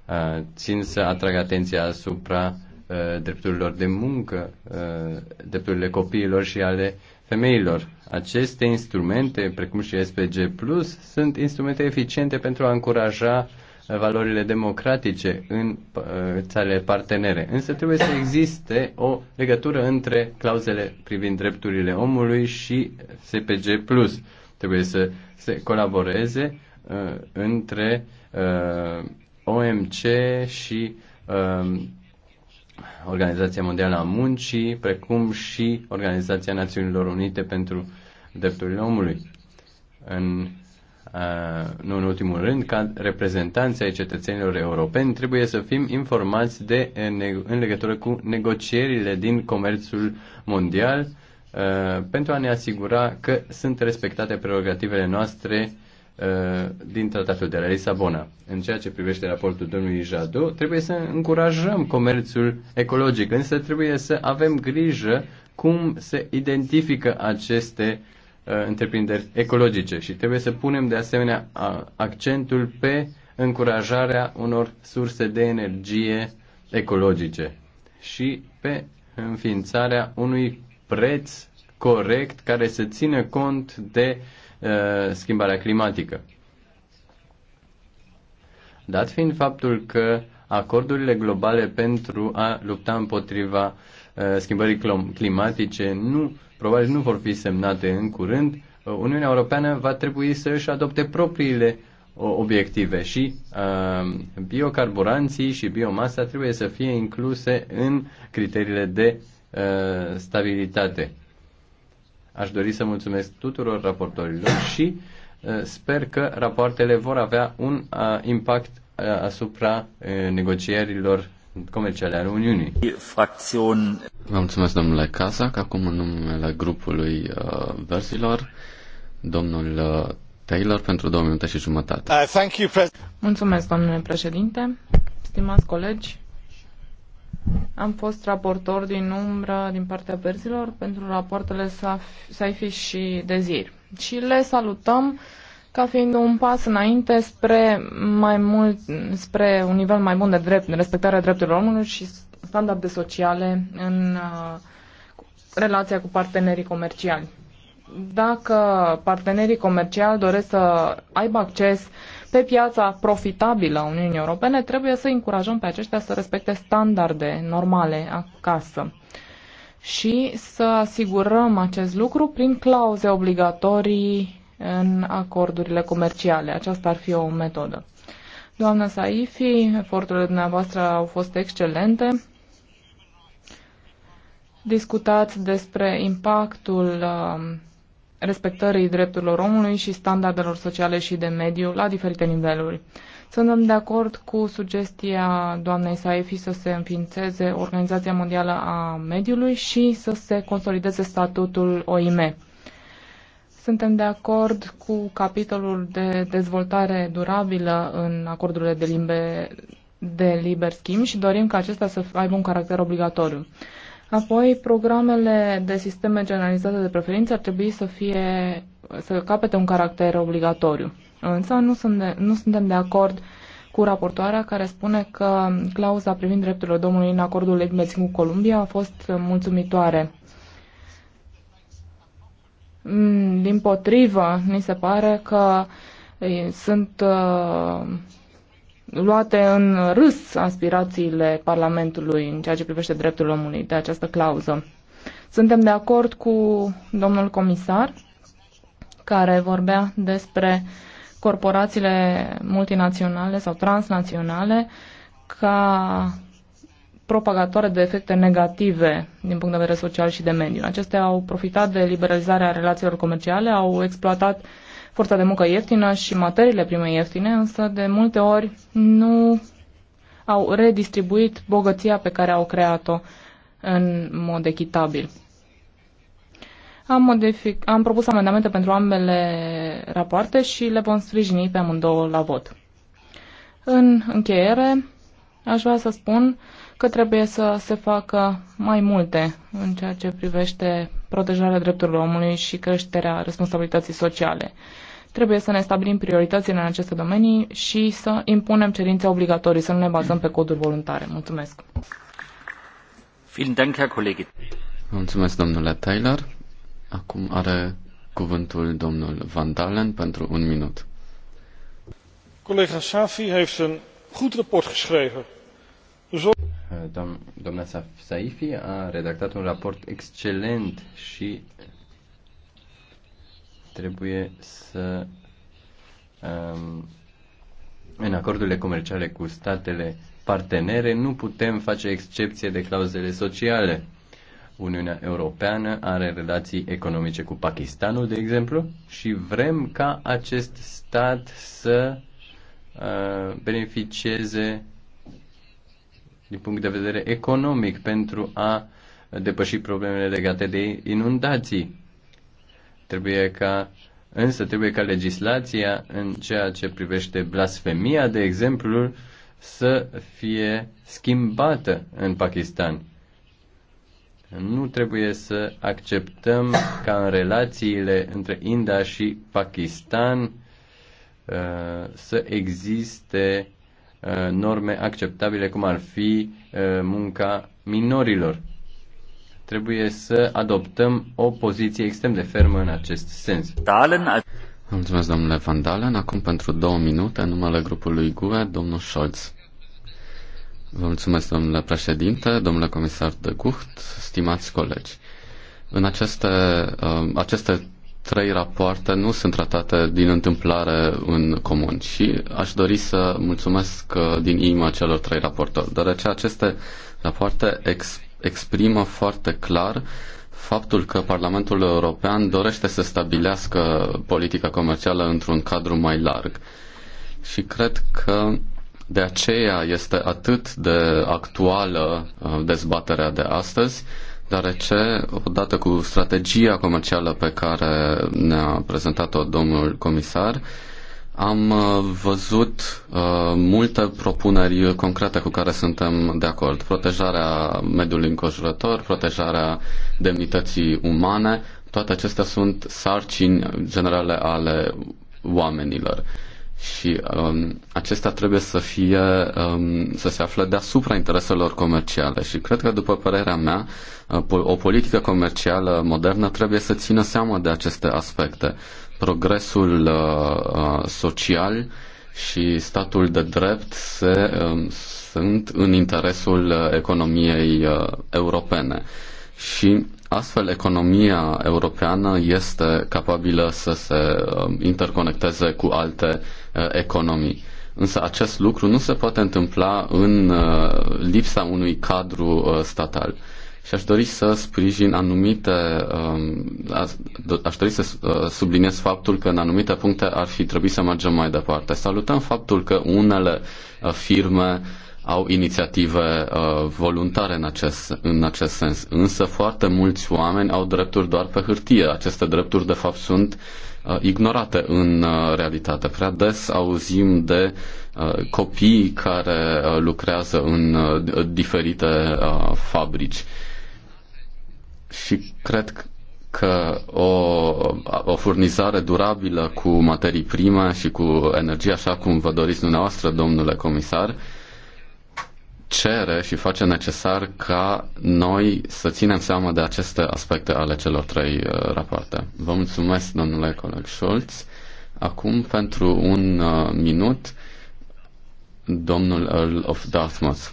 Uh, țin să atrag atenția asupra uh, drepturilor de muncă, uh, drepturile copiilor și ale femeilor. Aceste instrumente, precum și SPG+, sunt instrumente eficiente pentru a încuraja valorile democratice în țările partenere. Însă trebuie să existe o legătură între clauzele privind drepturile omului și SPG+. Trebuie să se colaboreze uh, între uh, OMC și uh, Organizația Mondială a Muncii, precum și Organizația Națiunilor Unite pentru Drepturile Omului. În, uh, nu în ultimul rând, ca reprezentanții ai cetățenilor europeni, trebuie să fim informați de, în, în legătură cu negocierile din comerțul mondial Uh, pentru a ne asigura că sunt respectate prerogativele noastre uh, din tratatul de la Lisabona. În ceea ce privește raportul domnului Jadot, trebuie să încurajăm comerțul ecologic, însă trebuie să avem grijă cum se identifică aceste uh, întreprinderi ecologice și trebuie să punem de asemenea accentul pe încurajarea unor surse de energie ecologice și pe înființarea unui preț corect care să țină cont de uh, schimbarea climatică. Dat fiind faptul că acordurile globale pentru a lupta împotriva uh, schimbării climatice nu, probabil nu vor fi semnate în curând, uh, Uniunea Europeană va trebui să își adopte propriile obiective și uh, biocarburanții și biomasa trebuie să fie incluse în criteriile de uh, Uh, stabilitate. Aș dori să mulțumesc tuturor raportorilor și uh, sper că rapoartele vor avea un uh, impact asupra negocierilor comerciale ale Uniunii. Fracțion. Vă mulțumesc, domnule Casac. Acum, în numele grupului uh, Verzilor, domnul uh, Taylor, pentru două minute și jumătate. Uh, thank you, Mulțumesc, domnule președinte, stimați colegi. Am fost raportor din umbră din partea verzilor pentru rapoartele SAIFI și DEZIR și le salutăm ca fiind un pas înainte spre mai mult, spre un nivel mai bun de drept, de respectarea drepturilor omului și standarde sociale în uh, relația cu partenerii comerciali. Dacă partenerii comerciali doresc să aibă acces pe piața profitabilă a Uniunii Europene, trebuie să încurajăm pe aceștia să respecte standarde normale acasă și să asigurăm acest lucru prin clauze obligatorii în acordurile comerciale. Aceasta ar fi o metodă. Doamna Saifi, eforturile dumneavoastră au fost excelente. Discutați despre impactul um, respectării drepturilor omului și standardelor sociale și de mediu la diferite niveluri. Suntem de acord cu sugestia doamnei Saifi să se înființeze Organizația Mondială a Mediului și să se consolideze statutul OIM. Suntem de acord cu capitolul de dezvoltare durabilă în acordurile de, limbe, de liber schimb și dorim ca acesta să aibă un caracter obligatoriu. Apoi, programele de sisteme generalizate de preferințe ar trebui să fie să capete un caracter obligatoriu. Însă nu, sunt de, nu suntem de acord cu raportoarea care spune că clauza privind drepturile domnului în acordul Levimeții cu Columbia a fost mulțumitoare. Mm, din potrivă, ni se pare că sunt uh, luate în râs aspirațiile Parlamentului în ceea ce privește dreptul omului de această clauză. Suntem de acord cu domnul comisar care vorbea despre corporațiile multinaționale sau transnaționale ca propagatoare de efecte negative din punct de vedere social și de mediu. Acestea au profitat de liberalizarea relațiilor comerciale, au exploatat uh, forța de muncă ieftină și materiile prime ieftine, însă de multe ori nu au redistribuit bogăția pe care au creat-o în mod echitabil. Am, modific, am propus amendamente pentru ambele rapoarte și le vom sprijini pe amândouă la vot. În încheiere, aș vrea să spun că trebuie să se facă mai multe în ceea ce privește protejarea drepturilor omului și creșterea responsabilității sociale. Trebuie să ne stabilim prioritățile în aceste domenii și să impunem cerințe obligatorii, să nu ne bazăm pe coduri voluntare. Mulțumesc! Mulțumesc, domnule Taylor. Acum are cuvântul domnul Van Dalen pentru un minut. Collega Safi heeft een goed rapport geschreven. Eh, domnul Saifi a redactat un raport excelent și trebuie să um, în acordurile comerciale cu statele partenere nu putem face excepție de clauzele sociale. Uniunea Europeană are relații economice cu Pakistanul, de exemplu, și vrem ca acest stat să uh, beneficieze din punct de vedere economic pentru a depăși problemele legate de inundații. Trebuie ca, însă trebuie ca legislația în ceea ce privește blasfemia, de exemplu, să fie schimbată în Pakistan. Nu trebuie să acceptăm ca în relațiile între India și Pakistan uh, să existe uh, norme acceptabile, cum ar fi uh, munca minorilor. Trebuie să adoptăm o poziție extrem de fermă în acest sens. Dalen... Mulțumesc, domnule Van Dalen. Acum, pentru două minute, în numele grupului GUE, domnul Scholz. Vă mulțumesc, domnule președinte, domnule comisar de Gucht, stimați colegi. În aceste, uh, aceste trei rapoarte nu sunt tratate din întâmplare în comun și aș dori să mulțumesc uh, din inimă celor trei raportori, deoarece aceste rapoarte exp- exprimă foarte clar faptul că Parlamentul European dorește să stabilească politica comercială într-un cadru mai larg. Și cred că de aceea este atât de actuală uh, dezbaterea de astăzi, deoarece, odată cu strategia comercială pe care ne-a prezentat-o domnul comisar, am uh, văzut uh, multe propuneri concrete cu care suntem de acord. Protejarea mediului înconjurător, protejarea demnității umane, toate acestea sunt sarcini generale ale oamenilor. Și um, acestea trebuie să fie um, să se afle deasupra intereselor comerciale și cred că, după părerea mea, uh, o politică comercială modernă trebuie să țină seama de aceste aspecte progresul uh, uh, social și statul de drept se, um, sunt în interesul uh, economiei europene. Și astfel economia europeană este capabilă să se um, interconecteze cu alte economii. Însă acest lucru nu se poate întâmpla în lipsa unui cadru statal. Și aș dori să sprijin anumite, um, aș dori să uh, subliniez faptul că în anumite puncte ar fi trebuit să mergem mai departe. Salutăm faptul că unele uh, firme au inițiative uh, voluntare în acest, în acest sens, însă foarte mulți oameni au drepturi doar pe hârtie. Aceste drepturi, de fapt, sunt ignorate în realitate. Prea des auzim de copii care lucrează în diferite fabrici și cred că o, o furnizare durabilă cu materii prime și cu energie, așa cum vă doriți dumneavoastră, domnule comisar, cere și face necesar ca noi să ținem seama de aceste aspecte ale celor trei uh, rapoarte. Vă mulțumesc, domnule coleg Scholz. Acum, pentru un uh, minut, domnul Earl of Dartmouth.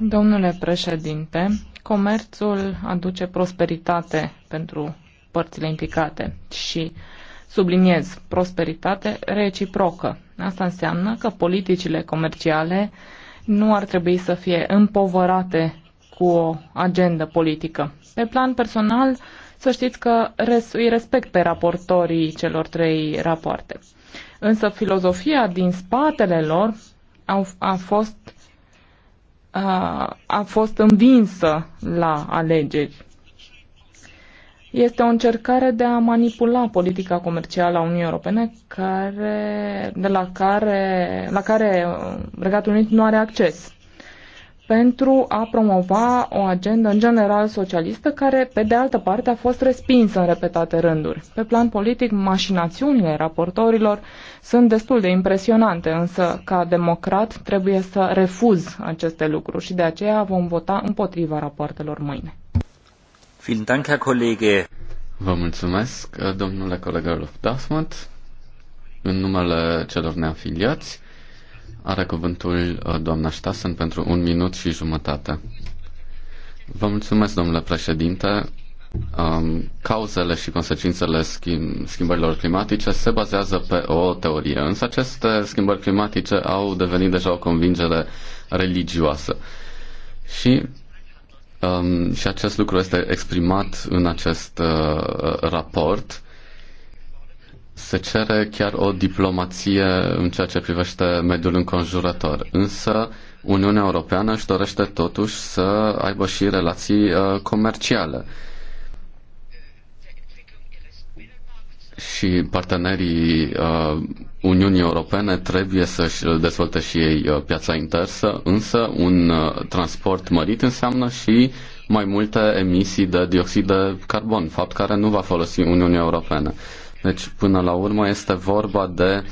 Domnule președinte, Comerțul aduce prosperitate pentru părțile implicate și subliniez prosperitate reciprocă. Asta înseamnă că politicile comerciale nu ar trebui să fie împovărate cu o agendă politică. Pe plan personal, să știți că îi respect pe raportorii celor trei rapoarte. Însă filozofia din spatele lor a fost a fost învinsă la alegeri. Este o încercare de a manipula politica comercială a Uniunii Europene care, de la care, la care Regatul Unit nu are acces pentru a promova o agendă în general socialistă care, pe de altă parte, a fost respinsă în repetate rânduri. Pe plan politic, mașinațiunile raportorilor sunt destul de impresionante, însă, ca democrat, trebuie să refuz aceste lucruri și de aceea vom vota împotriva rapoartelor mâine. Vă mulțumesc, domnule colegă Luftdassmann. În numele celor neafiliați, are cuvântul uh, doamna Ștasen pentru un minut și jumătate. Vă mulțumesc, domnule președinte. Um, cauzele și consecințele schimbărilor climatice se bazează pe o teorie, însă aceste schimbări climatice au devenit deja o convingere religioasă. Și Um, și acest lucru este exprimat în acest uh, raport. Se cere chiar o diplomație în ceea ce privește mediul înconjurător, însă Uniunea Europeană își dorește totuși să aibă și relații uh, comerciale. și partenerii uh, Uniunii Europene trebuie să-și dezvolte și ei uh, piața intersă, însă un uh, transport mărit înseamnă și mai multe emisii de dioxid de carbon, fapt care nu va folosi Uniunea Europeană. Uh, deci, până la urmă, este vorba de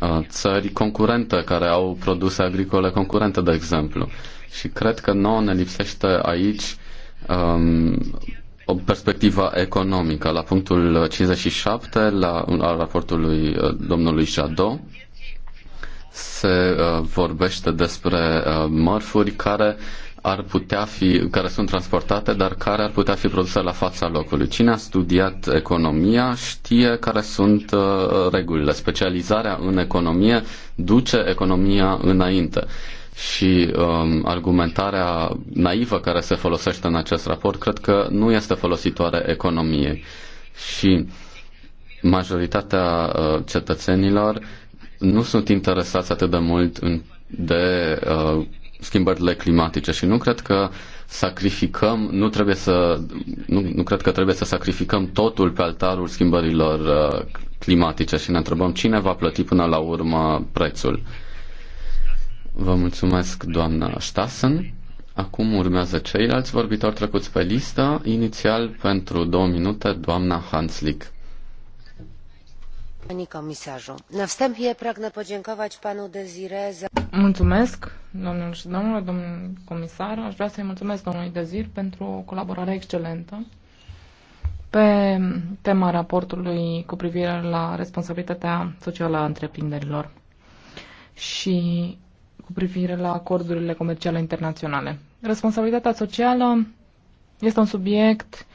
uh, țări concurente care au produse agricole concurente, de exemplu. Și cred că nouă ne lipsește aici um, o perspectivă economică. La punctul 57 la, al raportului uh, domnului Jadot se uh, vorbește despre uh, mărfuri care ar putea fi, care sunt transportate, dar care ar putea fi produse la fața locului. Cine a studiat economia știe care sunt uh, regulile. Specializarea în economie duce economia înainte. Și um, argumentarea naivă care se folosește în acest raport cred că nu este folositoare economiei. Și majoritatea uh, cetățenilor nu sunt interesați atât de mult în, de uh, schimbările climatice și nu cred că sacrificăm, nu trebuie să, nu, nu cred că trebuie să sacrificăm totul pe altarul schimbărilor uh, climatice și ne întrebăm cine va plăti până la urmă prețul. Vă mulțumesc, doamna Stassen. Acum urmează ceilalți vorbitori trecuți pe listă, inițial pentru două minute, doamna Hanslick. Pani komisarzu, na wstępie pragnę podziękować panu Desire za... Mulțumesc, domnul și domnule, domnul comisar. Aș vrea să-i mulțumesc domnului Dezir pentru o colaborare excelentă pe tema raportului cu privire la responsabilitatea socială a întreprinderilor și cu privire la acordurile comerciale internaționale. Responsabilitatea socială este un subiect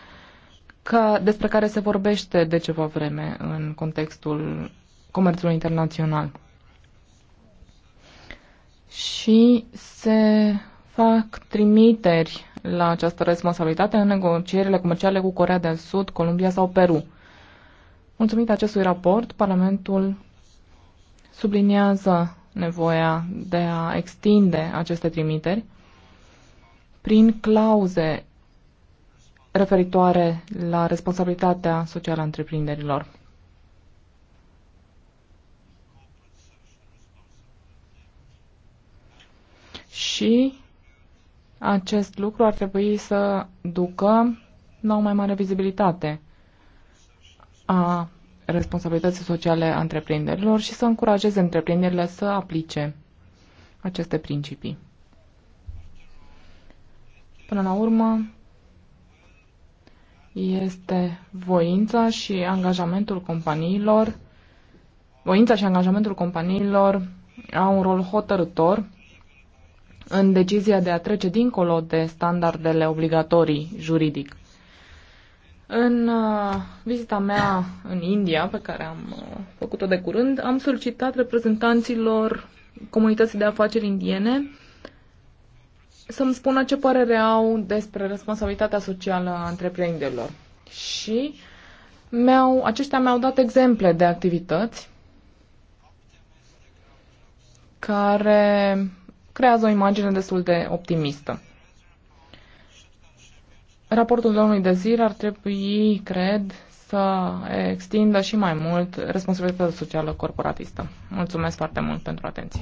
ca, despre care se vorbește de ceva vreme în contextul comerțului internațional. Și se fac trimiteri la această responsabilitate în negocierile comerciale cu Corea de Sud, Columbia sau Peru. Mulțumit acestui raport, Parlamentul subliniază nevoia de a extinde aceste trimiteri prin clauze referitoare la responsabilitatea socială a întreprinderilor. Și acest lucru ar trebui să ducă la o mai mare vizibilitate a responsabilității sociale a întreprinderilor și să încurajeze întreprinderile să aplice aceste principii. Până la urmă, este voința și angajamentul companiilor. Voința și angajamentul companiilor au un rol hotărător în decizia de a trece dincolo de standardele obligatorii juridic. În uh, vizita mea în India, pe care am uh, făcut-o de curând, am solicitat reprezentanților comunității de afaceri indiene să-mi spună ce părere au despre responsabilitatea socială a întreprinderilor. Și mi-au, aceștia mi-au dat exemple de activități care creează o imagine destul de optimistă. Raportul domnului Dezir ar trebui, cred, să extindă și mai mult responsabilitatea socială corporatistă. Mulțumesc foarte mult pentru atenție.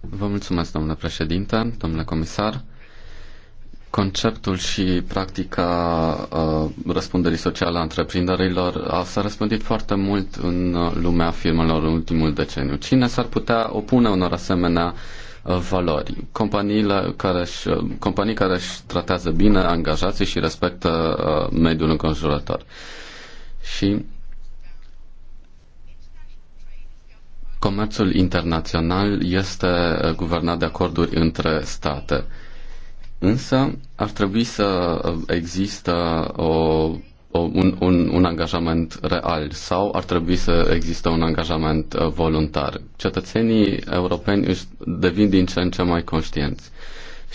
Vă mulțumesc, domnule președinte, domnule comisar. Conceptul și practica uh, răspunderii sociale a întreprinderilor a, s-a răspândit foarte mult în lumea firmelor în ultimul deceniu. Cine s-ar putea opune unor asemenea uh, valori? Companiile care își, uh, companii care își tratează bine angajații și respectă uh, mediul înconjurător. Și Comerțul internațional este uh, guvernat de acorduri între state. Însă ar trebui să uh, există o, o, un, un, un angajament real sau ar trebui să există un angajament uh, voluntar. Cetățenii europeni își devin din ce în ce mai conștienți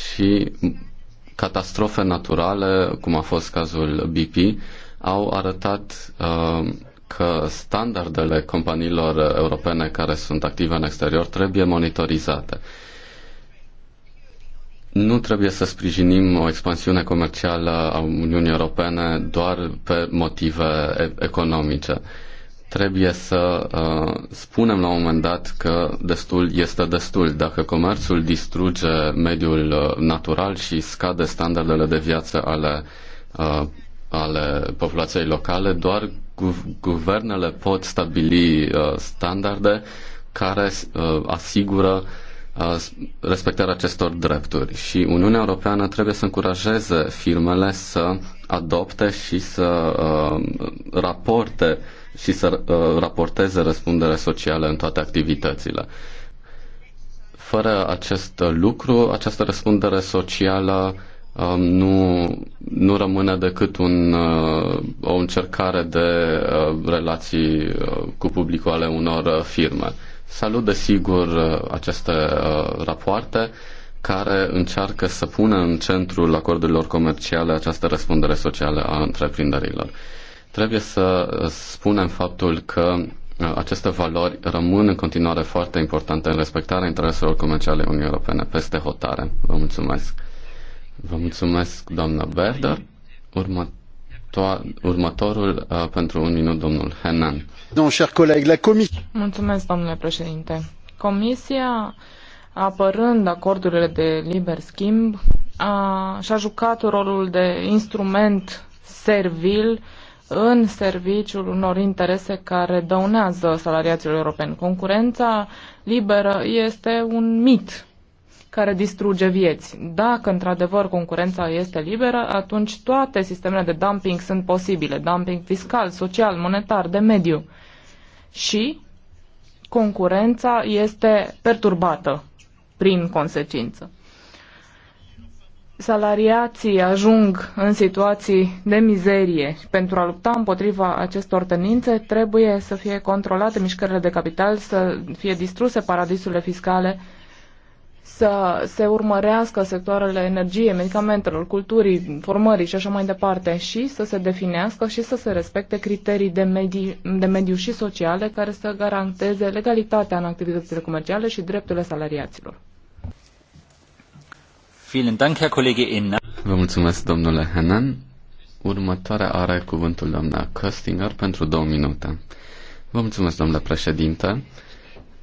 și catastrofe naturale, cum a fost cazul BP, au arătat uh, că standardele companiilor europene care sunt active în exterior trebuie monitorizate. Nu trebuie să sprijinim o expansiune comercială a Uniunii Europene doar pe motive economice. Trebuie să uh, spunem la un moment dat că destul este destul. Dacă comerțul distruge mediul uh, natural și scade standardele de viață ale, uh, ale populației locale, doar guvernele pot stabili uh, standarde care uh, asigură uh, respectarea acestor drepturi și Uniunea Europeană trebuie să încurajeze firmele să adopte și să raporte și să raporteze răspundere sociale în toate activitățile. Fără acest lucru, această răspundere socială Um, nu, nu rămâne decât un, uh, o încercare de uh, relații uh, cu publicul ale unor firme. Salut, desigur, aceste rapoarte care încearcă să pună în centrul acordurilor comerciale această răspundere socială a întreprinderilor. Trebuie să spunem faptul că aceste valori rămân în continuare foarte importante în respectarea intereselor comerciale Uniunii Europene peste hotare. Vă mulțumesc! Vă mulțumesc, doamna Berder. Urmă următorul uh, pentru un minut, domnul Henan. la Mulțumesc, domnule președinte. Comisia, apărând acordurile de liber schimb, a, și-a jucat rolul de instrument servil în serviciul unor interese care dăunează salariaților europeni. Concurența liberă este un mit care distruge vieți. Dacă într-adevăr concurența este liberă, atunci toate sistemele de dumping sunt posibile, dumping fiscal, social, monetar, de mediu. Și concurența este perturbată prin consecință. Salariații ajung în situații de mizerie. Pentru a lupta împotriva acestor tendințe, trebuie să fie controlate mișcările de capital, să fie distruse paradisurile fiscale să se urmărească sectoarele energiei, medicamentelor, culturii, formării și așa mai departe și să se definească și să se respecte criterii de, medii, de mediu și sociale care să garanteze legalitatea în activitățile comerciale și drepturile salariaților. Vă mulțumesc, domnule Henan. Următoarea are cuvântul doamna Köstinger pentru două minute. Vă mulțumesc, domnule președinte.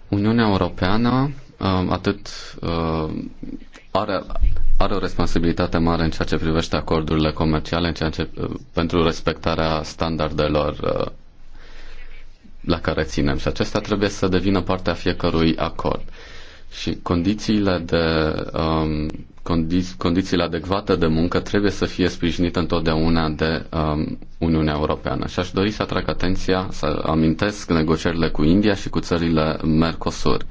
Uniunea Europeană Um, atât uh, are, are o responsabilitate mare în ceea ce privește acordurile comerciale, în ceea ce, uh, pentru respectarea standardelor uh, la care ținem și acesta trebuie să devină partea fiecărui acord. Și condițiile de um, condi- condițiile adecvate de muncă trebuie să fie sprijinite întotdeauna de um, Uniunea Europeană. Și aș dori să atrag atenția, să amintesc negocierile cu India și cu țările Mercosur. Uh,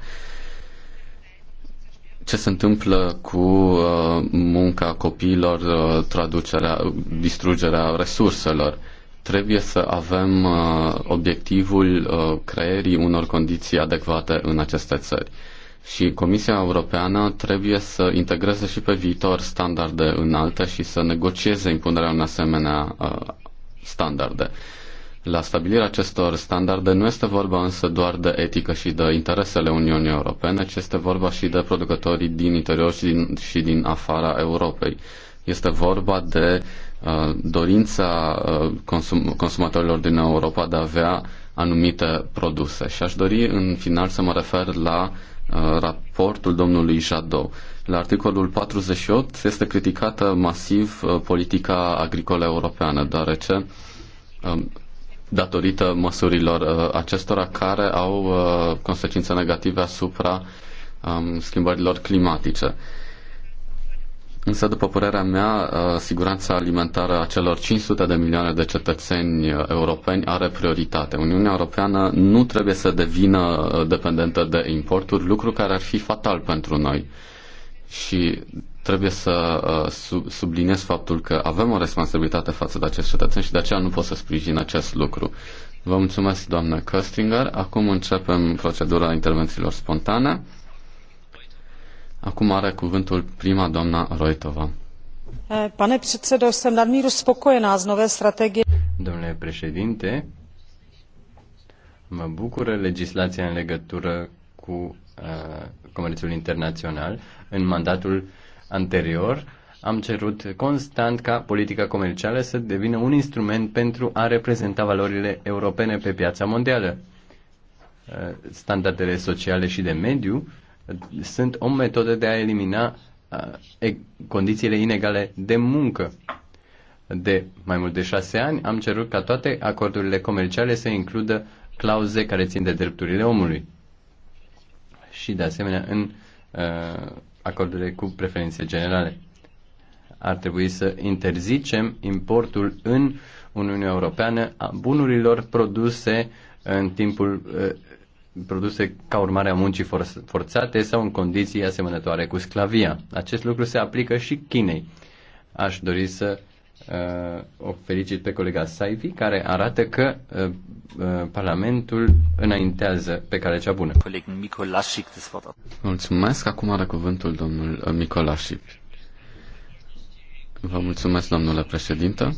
ce se întâmplă cu uh, munca copiilor, uh, traducerea, distrugerea resurselor. Trebuie să avem uh, obiectivul uh, creierii unor condiții adecvate în aceste țări. Și Comisia Europeană trebuie să integreze și pe viitor standarde înalte și să negocieze impunerea unor asemenea uh, standarde. Uh, la stabilirea acestor standarde nu este vorba însă doar de etică și de interesele Uniunii Europene, ci este vorba și de producătorii din interior și din, și din afara Europei. Este vorba de uh, dorința uh, consum- consumatorilor din Europa de a avea anumite produse. Și aș dori în final să mă refer la uh, raportul domnului Jadot. La articolul 48 este criticată masiv uh, politica agricolă europeană, deoarece uh, datorită măsurilor uh, acestora care au uh, consecințe negative asupra um, schimbărilor climatice. Însă, după părerea mea, uh, siguranța alimentară a celor 500 de milioane de cetățeni europeni are prioritate. Uniunea Europeană nu trebuie să devină dependentă de importuri, lucru care ar fi fatal pentru noi și trebuie să uh, subliniez faptul că avem o responsabilitate față de acest cetățen și de aceea nu pot să sprijin acest lucru. Vă mulțumesc, doamnă Köstinger. Acum începem procedura intervențiilor spontane. Acum are cuvântul prima doamna Roitova. Eh, pane předsedo, jsem nadmíru spokojená z nové strategie. Domnule președinte, mă bucură legislația în legătură cu Uh, comerțul internațional. În mandatul anterior am cerut constant ca politica comercială să devină un instrument pentru a reprezenta valorile europene pe piața mondială. Uh, standardele sociale și de mediu uh, sunt o metodă de a elimina condițiile inegale de muncă. De mai mult de șase ani am cerut ca toate acordurile comerciale să includă clauze care țin de drepturile omului și, de asemenea, în uh, acordurile cu preferințe generale. Ar trebui să interzicem importul în Uniunea Europeană a bunurilor produse în timpul uh, produse ca urmare a muncii forțate sau în condiții asemănătoare cu sclavia. Acest lucru se aplică și Chinei. Aș dori să Uh, o felicit pe colega Saifi, care arată că uh, uh, Parlamentul înaintează pe care cea bună. Da. Mulțumesc. Acum are cuvântul domnul uh, Micolașic. Vă mulțumesc, domnule președinte.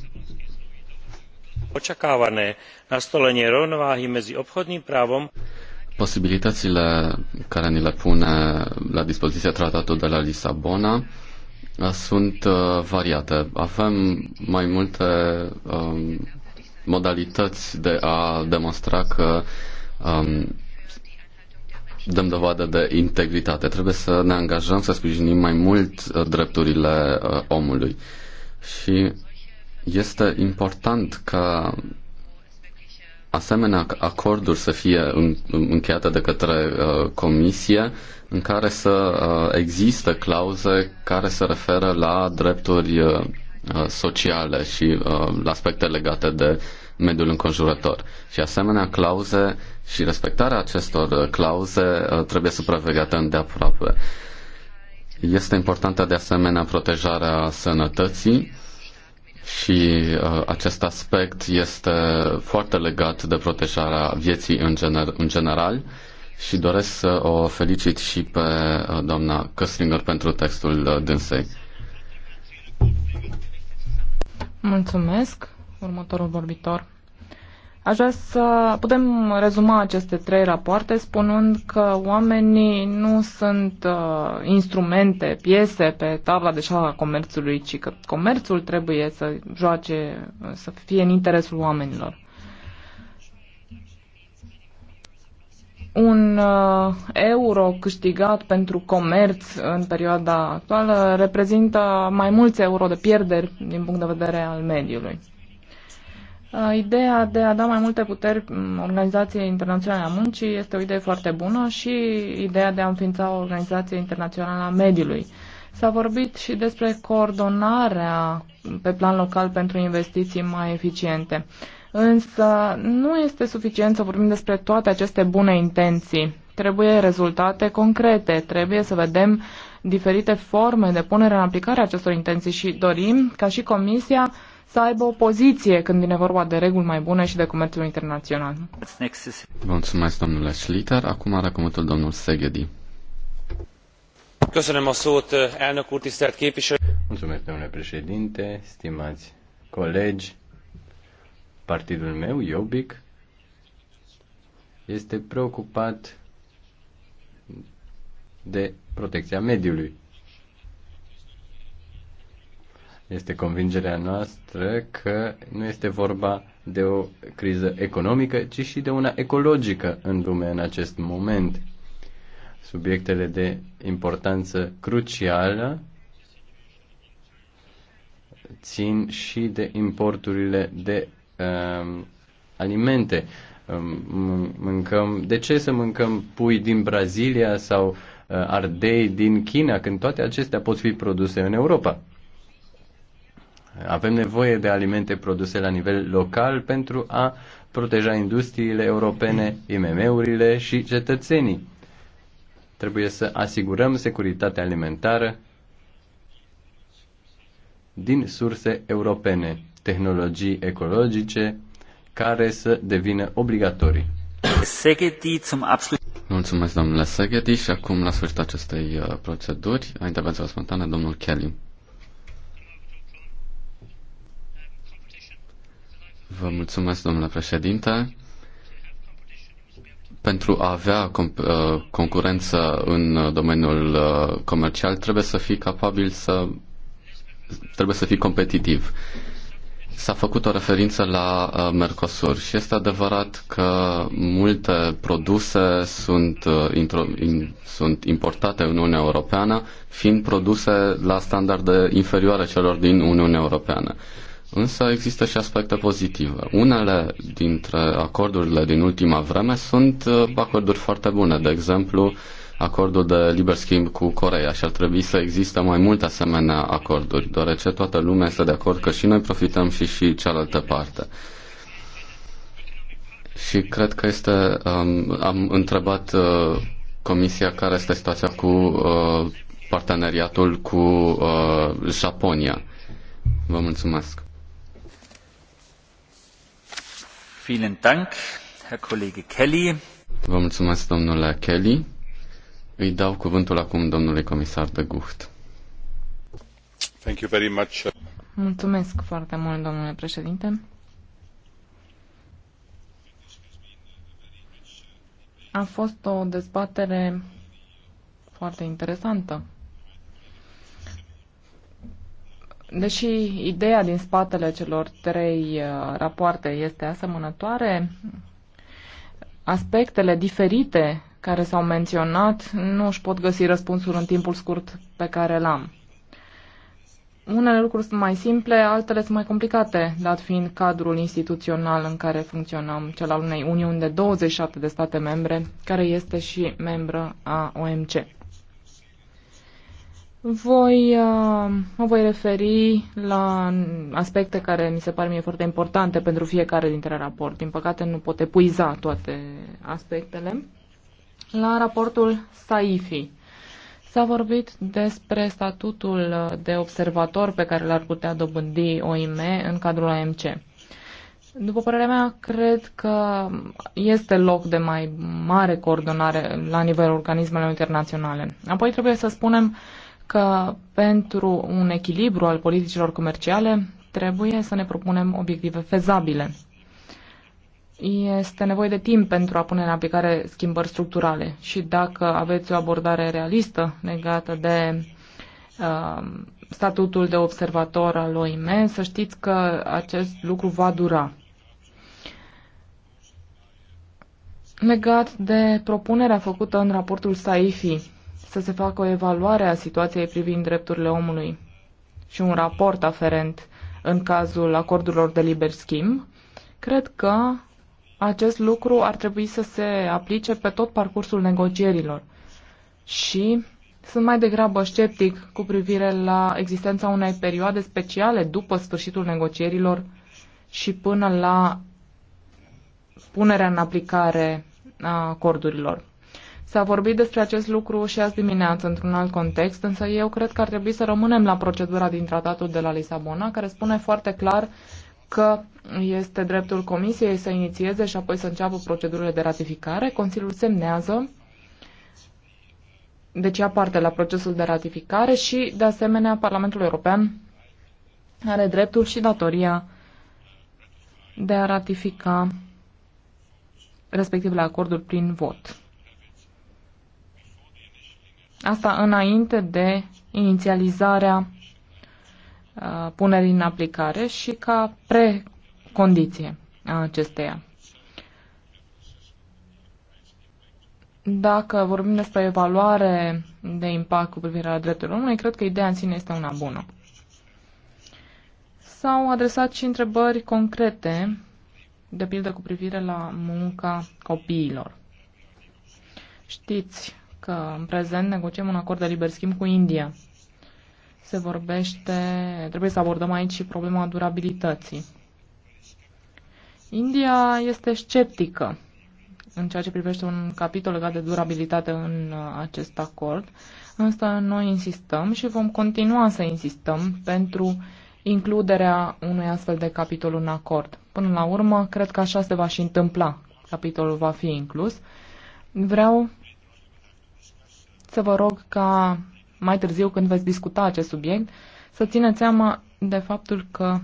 Očakávané nastolenie rovnováhy medzi obchodným právom Posibilitățile care ni le pune la dispoziție tratatul de la Lisabona Uh, sunt uh, variate. Avem mai multe um, modalități de a demonstra că um, dăm dovadă de integritate. Trebuie să ne angajăm să sprijinim mai mult uh, drepturile omului. Și este important ca asemenea acorduri să fie încheiate de către comisie în care să uh, există clauze care se referă la drepturi uh, sociale și uh, la aspecte legate de mediul înconjurător. Și asemenea clauze și respectarea acestor clauze trebuie supravegată îndeaproape. Este importantă de asemenea protejarea sănătății și uh, acest aspect este foarte legat de protejarea vieții în, gener- în general și doresc să o felicit și pe uh, doamna Căslinger pentru textul uh, dânsei. Mulțumesc. Următorul vorbitor. Aș vrea să putem rezuma aceste trei rapoarte spunând că oamenii nu sunt uh, instrumente, piese pe tabla de șah a comerțului, ci că comerțul trebuie să joace, să fie în interesul oamenilor. un uh, euro câștigat pentru comerț în perioada actuală reprezintă mai mulți euro de pierderi din punct de vedere al mediului. Uh, ideea de a da mai multe puteri mm, Organizației Internaționale a Muncii este o idee foarte bună și ideea de a înființa o Organizație Internațională a Mediului. S-a vorbit și despre coordonarea pe plan local pentru investiții mai eficiente. Uh, Însă nu este suficient să vorbim despre toate aceste bune intenții. Trebuie rezultate concrete, trebuie să vedem diferite forme de punere în aplicare a acestor intenții și dorim ca și Comisia să aibă o poziție când vine vorba de reguli mai bune și de comerțul internațional. Mulțumesc, domnule Schlitter. Acum are cuvântul domnul Seghedi. Mulțumesc, domnule președinte, stimați colegi. Partidul meu, Iobic, este preocupat de protecția mediului. Este convingerea noastră că nu este vorba de o criză economică, ci și de una ecologică în lume în acest moment. Subiectele de importanță crucială țin și de importurile de uh, alimente. Um, mâncăm, de ce să mâncăm pui din Brazilia sau uh, ardei din China când toate acestea pot fi produse în Europa? Avem nevoie de alimente produse la nivel local pentru a proteja industriile europene, IMM-urile și cetățenii. Trebuie să asigurăm securitatea alimentară din surse europene tehnologii ecologice care să devină obligatorii. zum Mulțumesc, domnule Segheti, și acum, la sfârșitul acestei uh, proceduri, a intervenția spontană, domnul Kelly. Vă mulțumesc, domnule președinte. Pentru a avea uh, concurență în domeniul uh, comercial, trebuie să fii capabil să. trebuie să fii competitiv. S-a făcut o referință la uh, Mercosur și este adevărat că multe produse sunt, uh, intro, in, sunt importate în Uniunea Europeană, fiind produse la standarde inferioare celor din Uniunea Europeană. Însă există și aspecte pozitive. Unele dintre acordurile din ultima vreme sunt uh, acorduri foarte bune, de exemplu acordul de liber schimb cu Coreea și ar trebui să existe mai multe asemenea acorduri, deoarece toată lumea este de acord că și noi profităm și și cealaltă parte. Și cred că este. Um, am întrebat uh, Comisia care este situația cu uh, parteneriatul cu uh, Japonia. Vă mulțumesc. Vielen Dank, Herr Kollege Kelly. Vă mulțumesc, domnule Kelly. Îi dau cuvântul acum domnului comisar de Gucht. Thank you very much. Mulțumesc foarte mult, domnule președinte. A fost o dezbatere foarte interesantă. Deși ideea din spatele celor trei uh, rapoarte este asemănătoare, aspectele diferite care s-au menționat nu își pot găsi răspunsul în timpul scurt pe care l-am. Unele lucruri sunt mai simple, altele sunt mai complicate, dat fiind cadrul instituțional în care funcționăm, cel al unei uniuni de 27 de state membre, care este și membră a OMC. Voi, uh, mă voi referi la aspecte care mi se par mie foarte importante pentru fiecare dintre raport. Din păcate nu pot epuiza toate aspectele la raportul Saifi. S-a vorbit despre statutul de observator pe care l-ar putea dobândi OIM în cadrul AMC. După părerea mea, cred că este loc de mai mare coordonare la nivelul organismelor internaționale. Apoi trebuie să spunem că pentru un echilibru al politicilor comerciale trebuie să ne propunem obiective fezabile este nevoie de timp pentru a pune în aplicare schimbări structurale și dacă aveți o abordare realistă legată de uh, statutul de observator al OIM, să știți că acest lucru va dura. Legat de propunerea făcută în raportul SAIFI să se facă o evaluare a situației privind drepturile omului și un raport aferent în cazul acordurilor de liber schimb, cred că acest lucru ar trebui să se aplice pe tot parcursul negocierilor. Și sunt mai degrabă sceptic cu privire la existența unei perioade speciale după sfârșitul negocierilor și până la punerea în aplicare a acordurilor. S-a vorbit despre acest lucru și azi dimineață într-un alt context, însă eu cred că ar trebui să rămânem la procedura din tratatul de la Lisabona, care spune foarte clar că este dreptul Comisiei să inițieze și apoi să înceapă procedurile de ratificare. Consiliul semnează, deci ia parte la procesul de ratificare și, de asemenea, Parlamentul European are dreptul și datoria de a ratifica respectivele acorduri prin vot. Asta înainte de inițializarea uh, punerii în aplicare și ca pre condiție a acesteia. Dacă vorbim despre evaluare de impact cu privire la drepturile omului, cred că ideea în sine este una bună. S-au adresat și întrebări concrete, de pildă cu privire la munca copiilor. Știți că în prezent negociem un acord de liber schimb cu India. Se vorbește, trebuie să abordăm aici și problema durabilității. India este sceptică în ceea ce privește un capitol legat de durabilitate în uh, acest acord, însă noi insistăm și vom continua să insistăm pentru includerea unui astfel de capitol în acord. Până la urmă, cred că așa se va și întâmpla. Capitolul va fi inclus. Vreau să vă rog ca mai târziu, când veți discuta acest subiect, să țineți seama de faptul că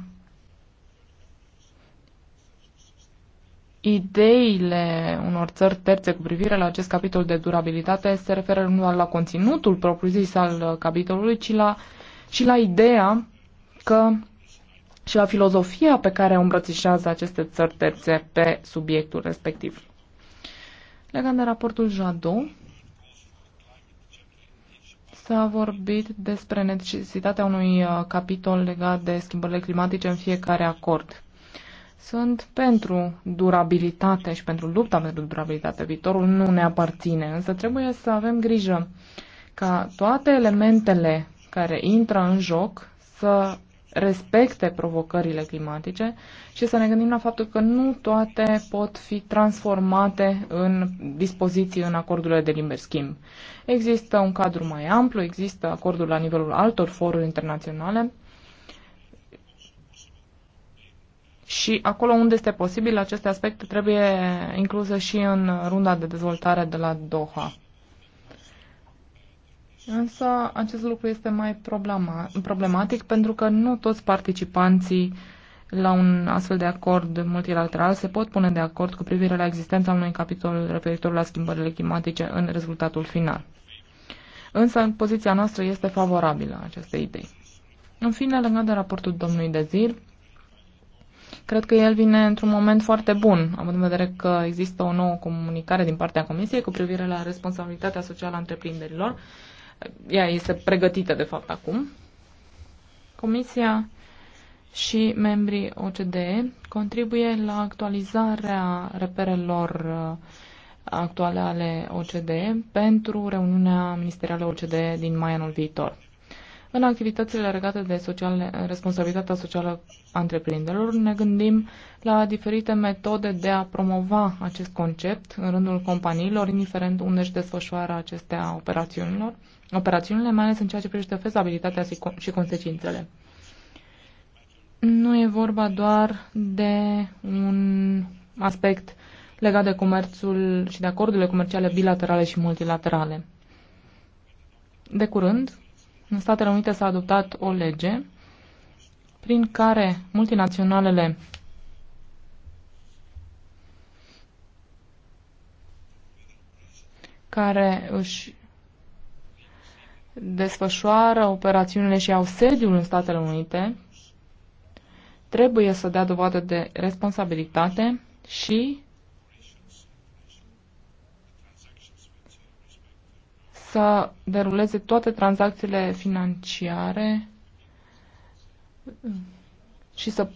ideile unor țări terțe cu privire la acest capitol de durabilitate se referă nu doar la conținutul propriu-zis al capitolului, ci la, și la ideea că și la filozofia pe care o îmbrățișează aceste țări terțe pe subiectul respectiv. Legat de raportul Jadot, s-a vorbit despre necesitatea unui uh, capitol legat de schimbările climatice în fiecare acord sunt pentru durabilitate și pentru lupta pentru durabilitate. Viitorul nu ne aparține, însă trebuie să avem grijă ca toate elementele care intră în joc să respecte provocările climatice și să ne gândim la faptul că nu toate pot fi transformate în dispoziții în acordurile de liber schimb. Există un cadru mai amplu, există acordul la nivelul altor foruri internaționale și acolo unde este posibil, aceste aspecte trebuie incluse și în runda de dezvoltare de la Doha. Însă acest lucru este mai problema, problematic pentru că nu toți participanții la un astfel de acord multilateral se pot pune de acord cu privire la existența unui capitol referitor la schimbările climatice în rezultatul final. Însă poziția noastră este favorabilă acestei idei. În fine, legat de raportul domnului Dezir, Cred că el vine într-un moment foarte bun, având în vedere că există o nouă comunicare din partea Comisiei cu privire la responsabilitatea socială a întreprinderilor. Ea este pregătită, de fapt, acum. Comisia și membrii OCDE contribuie la actualizarea reperelor uh, actuale ale OCDE pentru reuniunea ministerială OCDE din mai anul viitor. În activitățile legate de social, responsabilitatea socială a întreprinderilor ne gândim la diferite metode de a promova acest concept în rândul companiilor, indiferent unde își desfășoară acestea operațiunilor, operațiunile, mai ales în ceea ce privește fezabilitatea și consecințele. Nu e vorba doar de un aspect legat de comerțul și de acordurile comerciale bilaterale și multilaterale. De curând, în Statele Unite s-a adoptat o lege prin care multinaționalele care își desfășoară operațiunile și au sediul în Statele Unite trebuie să dea dovadă de responsabilitate și să deruleze toate tranzacțiile financiare și să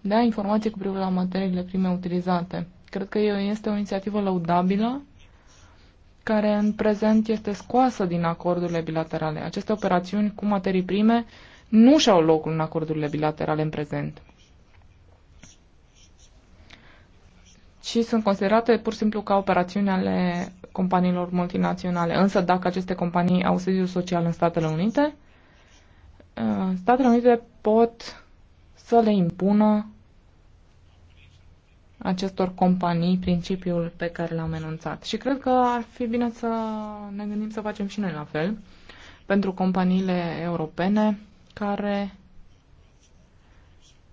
dea informații cu privire la materiile prime utilizate. Cred că este o inițiativă laudabilă care în prezent este scoasă din acordurile bilaterale. Aceste operațiuni cu materii prime nu și-au locul în acordurile bilaterale în prezent. Și sunt considerate pur și simplu ca operațiuni ale companiilor multinaționale. Însă dacă aceste companii au sediu social în Statele Unite, uh, Statele Unite pot să le impună acestor companii principiul pe care l-am enunțat. Și cred că ar fi bine să ne gândim să facem și noi la fel pentru companiile europene care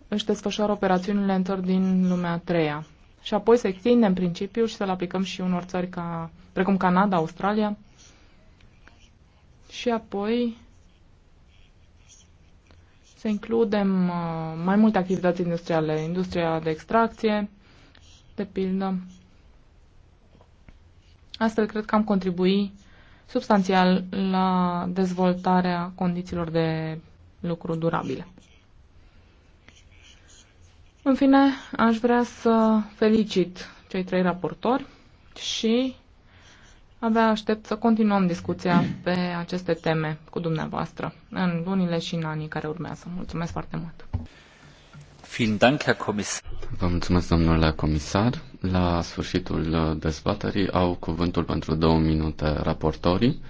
își desfășoară operațiunile în țări din lumea a treia și apoi să extindem principiul și să-l aplicăm și unor țări ca, precum Canada, Australia. Și apoi să includem uh, mai multe activități industriale, industria de extracție, de pildă. Astfel cred că am contribuit substanțial la dezvoltarea condițiilor de lucru durabile. În fine, aș vrea să felicit cei trei raportori și abia aștept să continuăm discuția pe aceste teme cu dumneavoastră în lunile și în anii care urmează. Mulțumesc foarte mult! Vă mulțumesc, domnule comisar. La sfârșitul dezbaterii au cuvântul pentru două minute raportorii.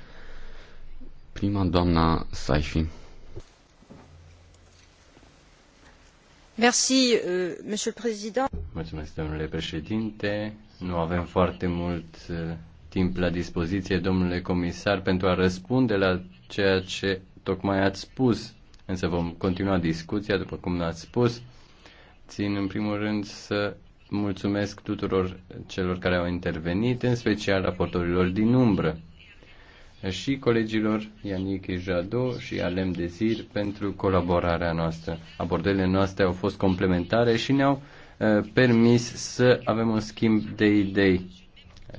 Prima, doamna Saifi. Euh, mulțumesc, domnule președinte. Nu avem foarte mult uh, timp la dispoziție, domnule comisar, pentru a răspunde la ceea ce tocmai ați spus. Însă vom continua discuția, după cum ați spus. Țin, în primul rând, să mulțumesc tuturor celor care au intervenit, în special raportorilor din umbră și colegilor Ianichi Jado și Alem Dezir pentru colaborarea noastră. Abordările noastre au fost complementare și ne-au eh, permis să avem un schimb de idei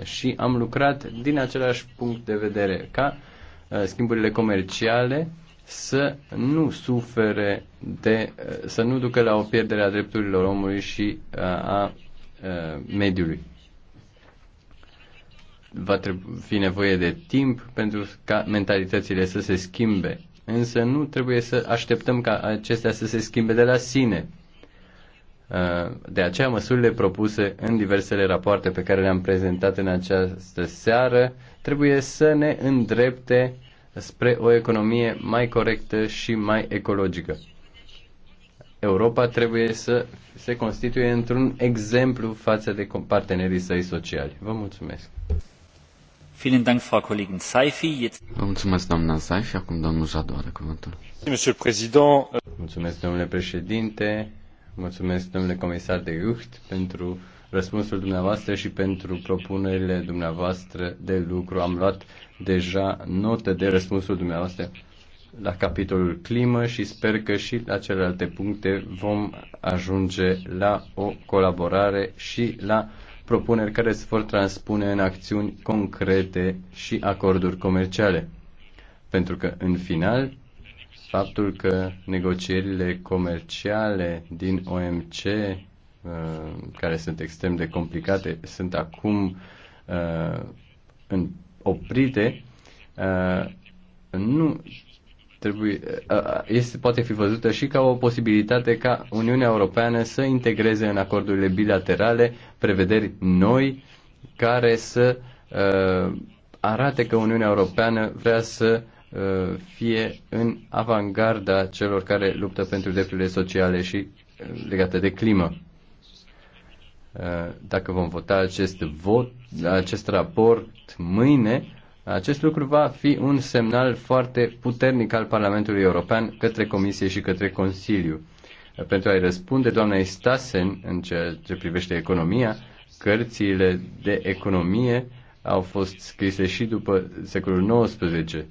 și am lucrat din același punct de vedere ca eh, schimburile comerciale să nu sufere de, eh, să nu ducă la o pierdere a drepturilor omului și a, a mediului va fi nevoie de timp pentru ca mentalitățile să se schimbe. Însă nu trebuie să așteptăm ca acestea să se schimbe de la sine. Uh, de aceea, măsurile propuse în diversele rapoarte pe care le-am prezentat în această seară trebuie să ne îndrepte spre o economie mai corectă și mai ecologică. Europa trebuie să se constituie într-un exemplu față de partenerii săi sociali. Vă mulțumesc! Mulțumesc, doamna Saifi. Acum domnul Jadu are cuvântul. Mulțumesc, domnule președinte. Mulțumesc, domnule comisar de Iucht, pentru răspunsul dumneavoastră și pentru propunerile dumneavoastră de lucru. Am luat deja note de răspunsul dumneavoastră la capitolul climă și sper că și la celelalte puncte vom ajunge la o colaborare și la propuneri care se vor transpune în acțiuni concrete și acorduri comerciale. Pentru că, în final, faptul că negocierile comerciale din OMC, uh, care sunt extrem de complicate, sunt acum uh, oprite, uh, nu trebuie, este, poate fi văzută și ca o posibilitate ca Uniunea Europeană să integreze în acordurile bilaterale prevederi noi care să uh, arate că Uniunea Europeană vrea să uh, fie în avangarda celor care luptă pentru drepturile sociale și legate de climă. dacă vom vota acest vot, acest raport mâine, acest lucru va fi un semnal foarte puternic al Parlamentului European către Comisie și către Consiliu. Pentru a-i răspunde doamnei Stassen în ceea ce privește economia, cărțile de economie au fost scrise și după secolul XIX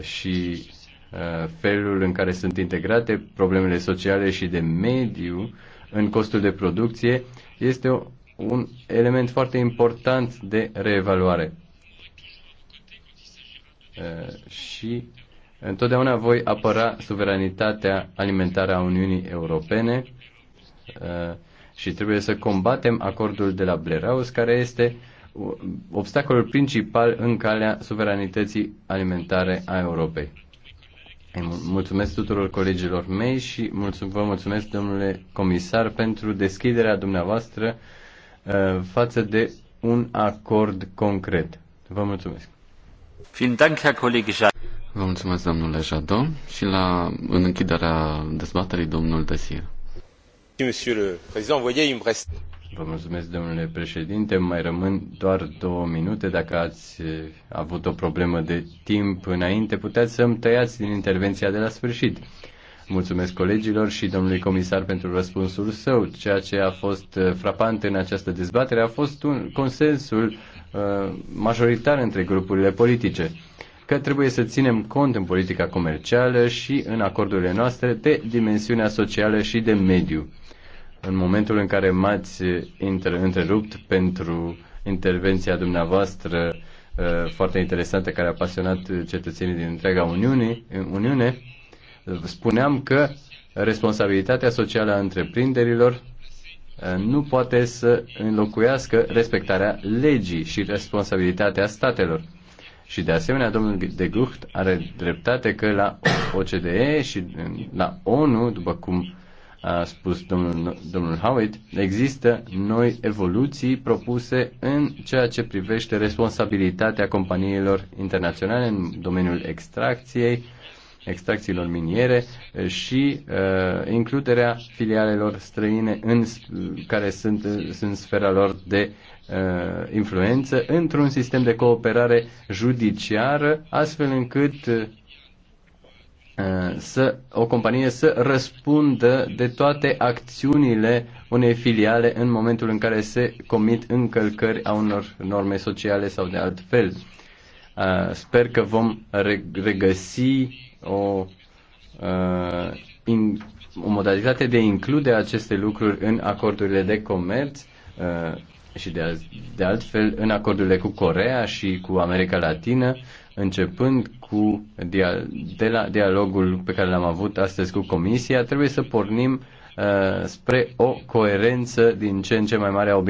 și uh, felul în care sunt integrate problemele sociale și de mediu în costul de producție este un element foarte important de reevaluare. Eh, și întotdeauna voi apăra suveranitatea alimentară a Uniunii Europene eh, și trebuie să combatem acordul de la Blerhaus, care este obstacolul principal în calea suveranității alimentare a Europei. Mulțumesc tuturor colegilor mei și mulțum- vă mulțumesc, domnule comisar, pentru deschiderea dumneavoastră eh, față de un acord concret. Vă mulțumesc. Vă mulțumesc, domnule Jadot. Și la, în închiderea dezbaterii, domnul Desir. Vă mulțumesc, domnule președinte. Mai rămân doar două minute. Dacă ați eh, avut o problemă de timp înainte, puteți să-mi tăiați din intervenția de la sfârșit. Mulțumesc colegilor și domnului comisar pentru răspunsul său. Ceea ce a fost eh, frapant în această dezbatere a fost un consensul Uh, majoritar între grupurile politice, că trebuie să ținem cont în politica comercială și în acordurile noastre de dimensiunea socială și de mediu. În momentul în care m-ați întrerupt pentru intervenția dumneavoastră uh, foarte interesantă care a pasionat cetățenii din întreaga Uniune, Uniune uh, spuneam că responsabilitatea socială a întreprinderilor Uh, nu poate să înlocuiască respectarea legii și responsabilitatea statelor. Și de asemenea, domnul de Gucht are dreptate că la OCDE și uh, la ONU, după cum a spus domnul, domnul Howitt, există noi evoluții propuse în ceea ce privește responsabilitatea companiilor internaționale în domeniul extracției, extracțiilor miniere eh, și uh, includerea filialelor străine în, care sunt în sfera lor de uh, influență într-un sistem de cooperare judiciară, astfel încât să, o companie să răspundă de toate acțiunile unei filiale în momentul în care se comit încălcări a unor norme sociale sau de alt fel. Sper că vom regăsi o, uh, in, o modalitate de a include aceste lucruri în acordurile de comerț uh, și de, de altfel în acordurile cu Corea și cu America Latină, începând cu dia, de la dialogul pe care l-am avut astăzi cu Comisia, trebuie să pornim uh, spre o coerență din ce în ce mai mare a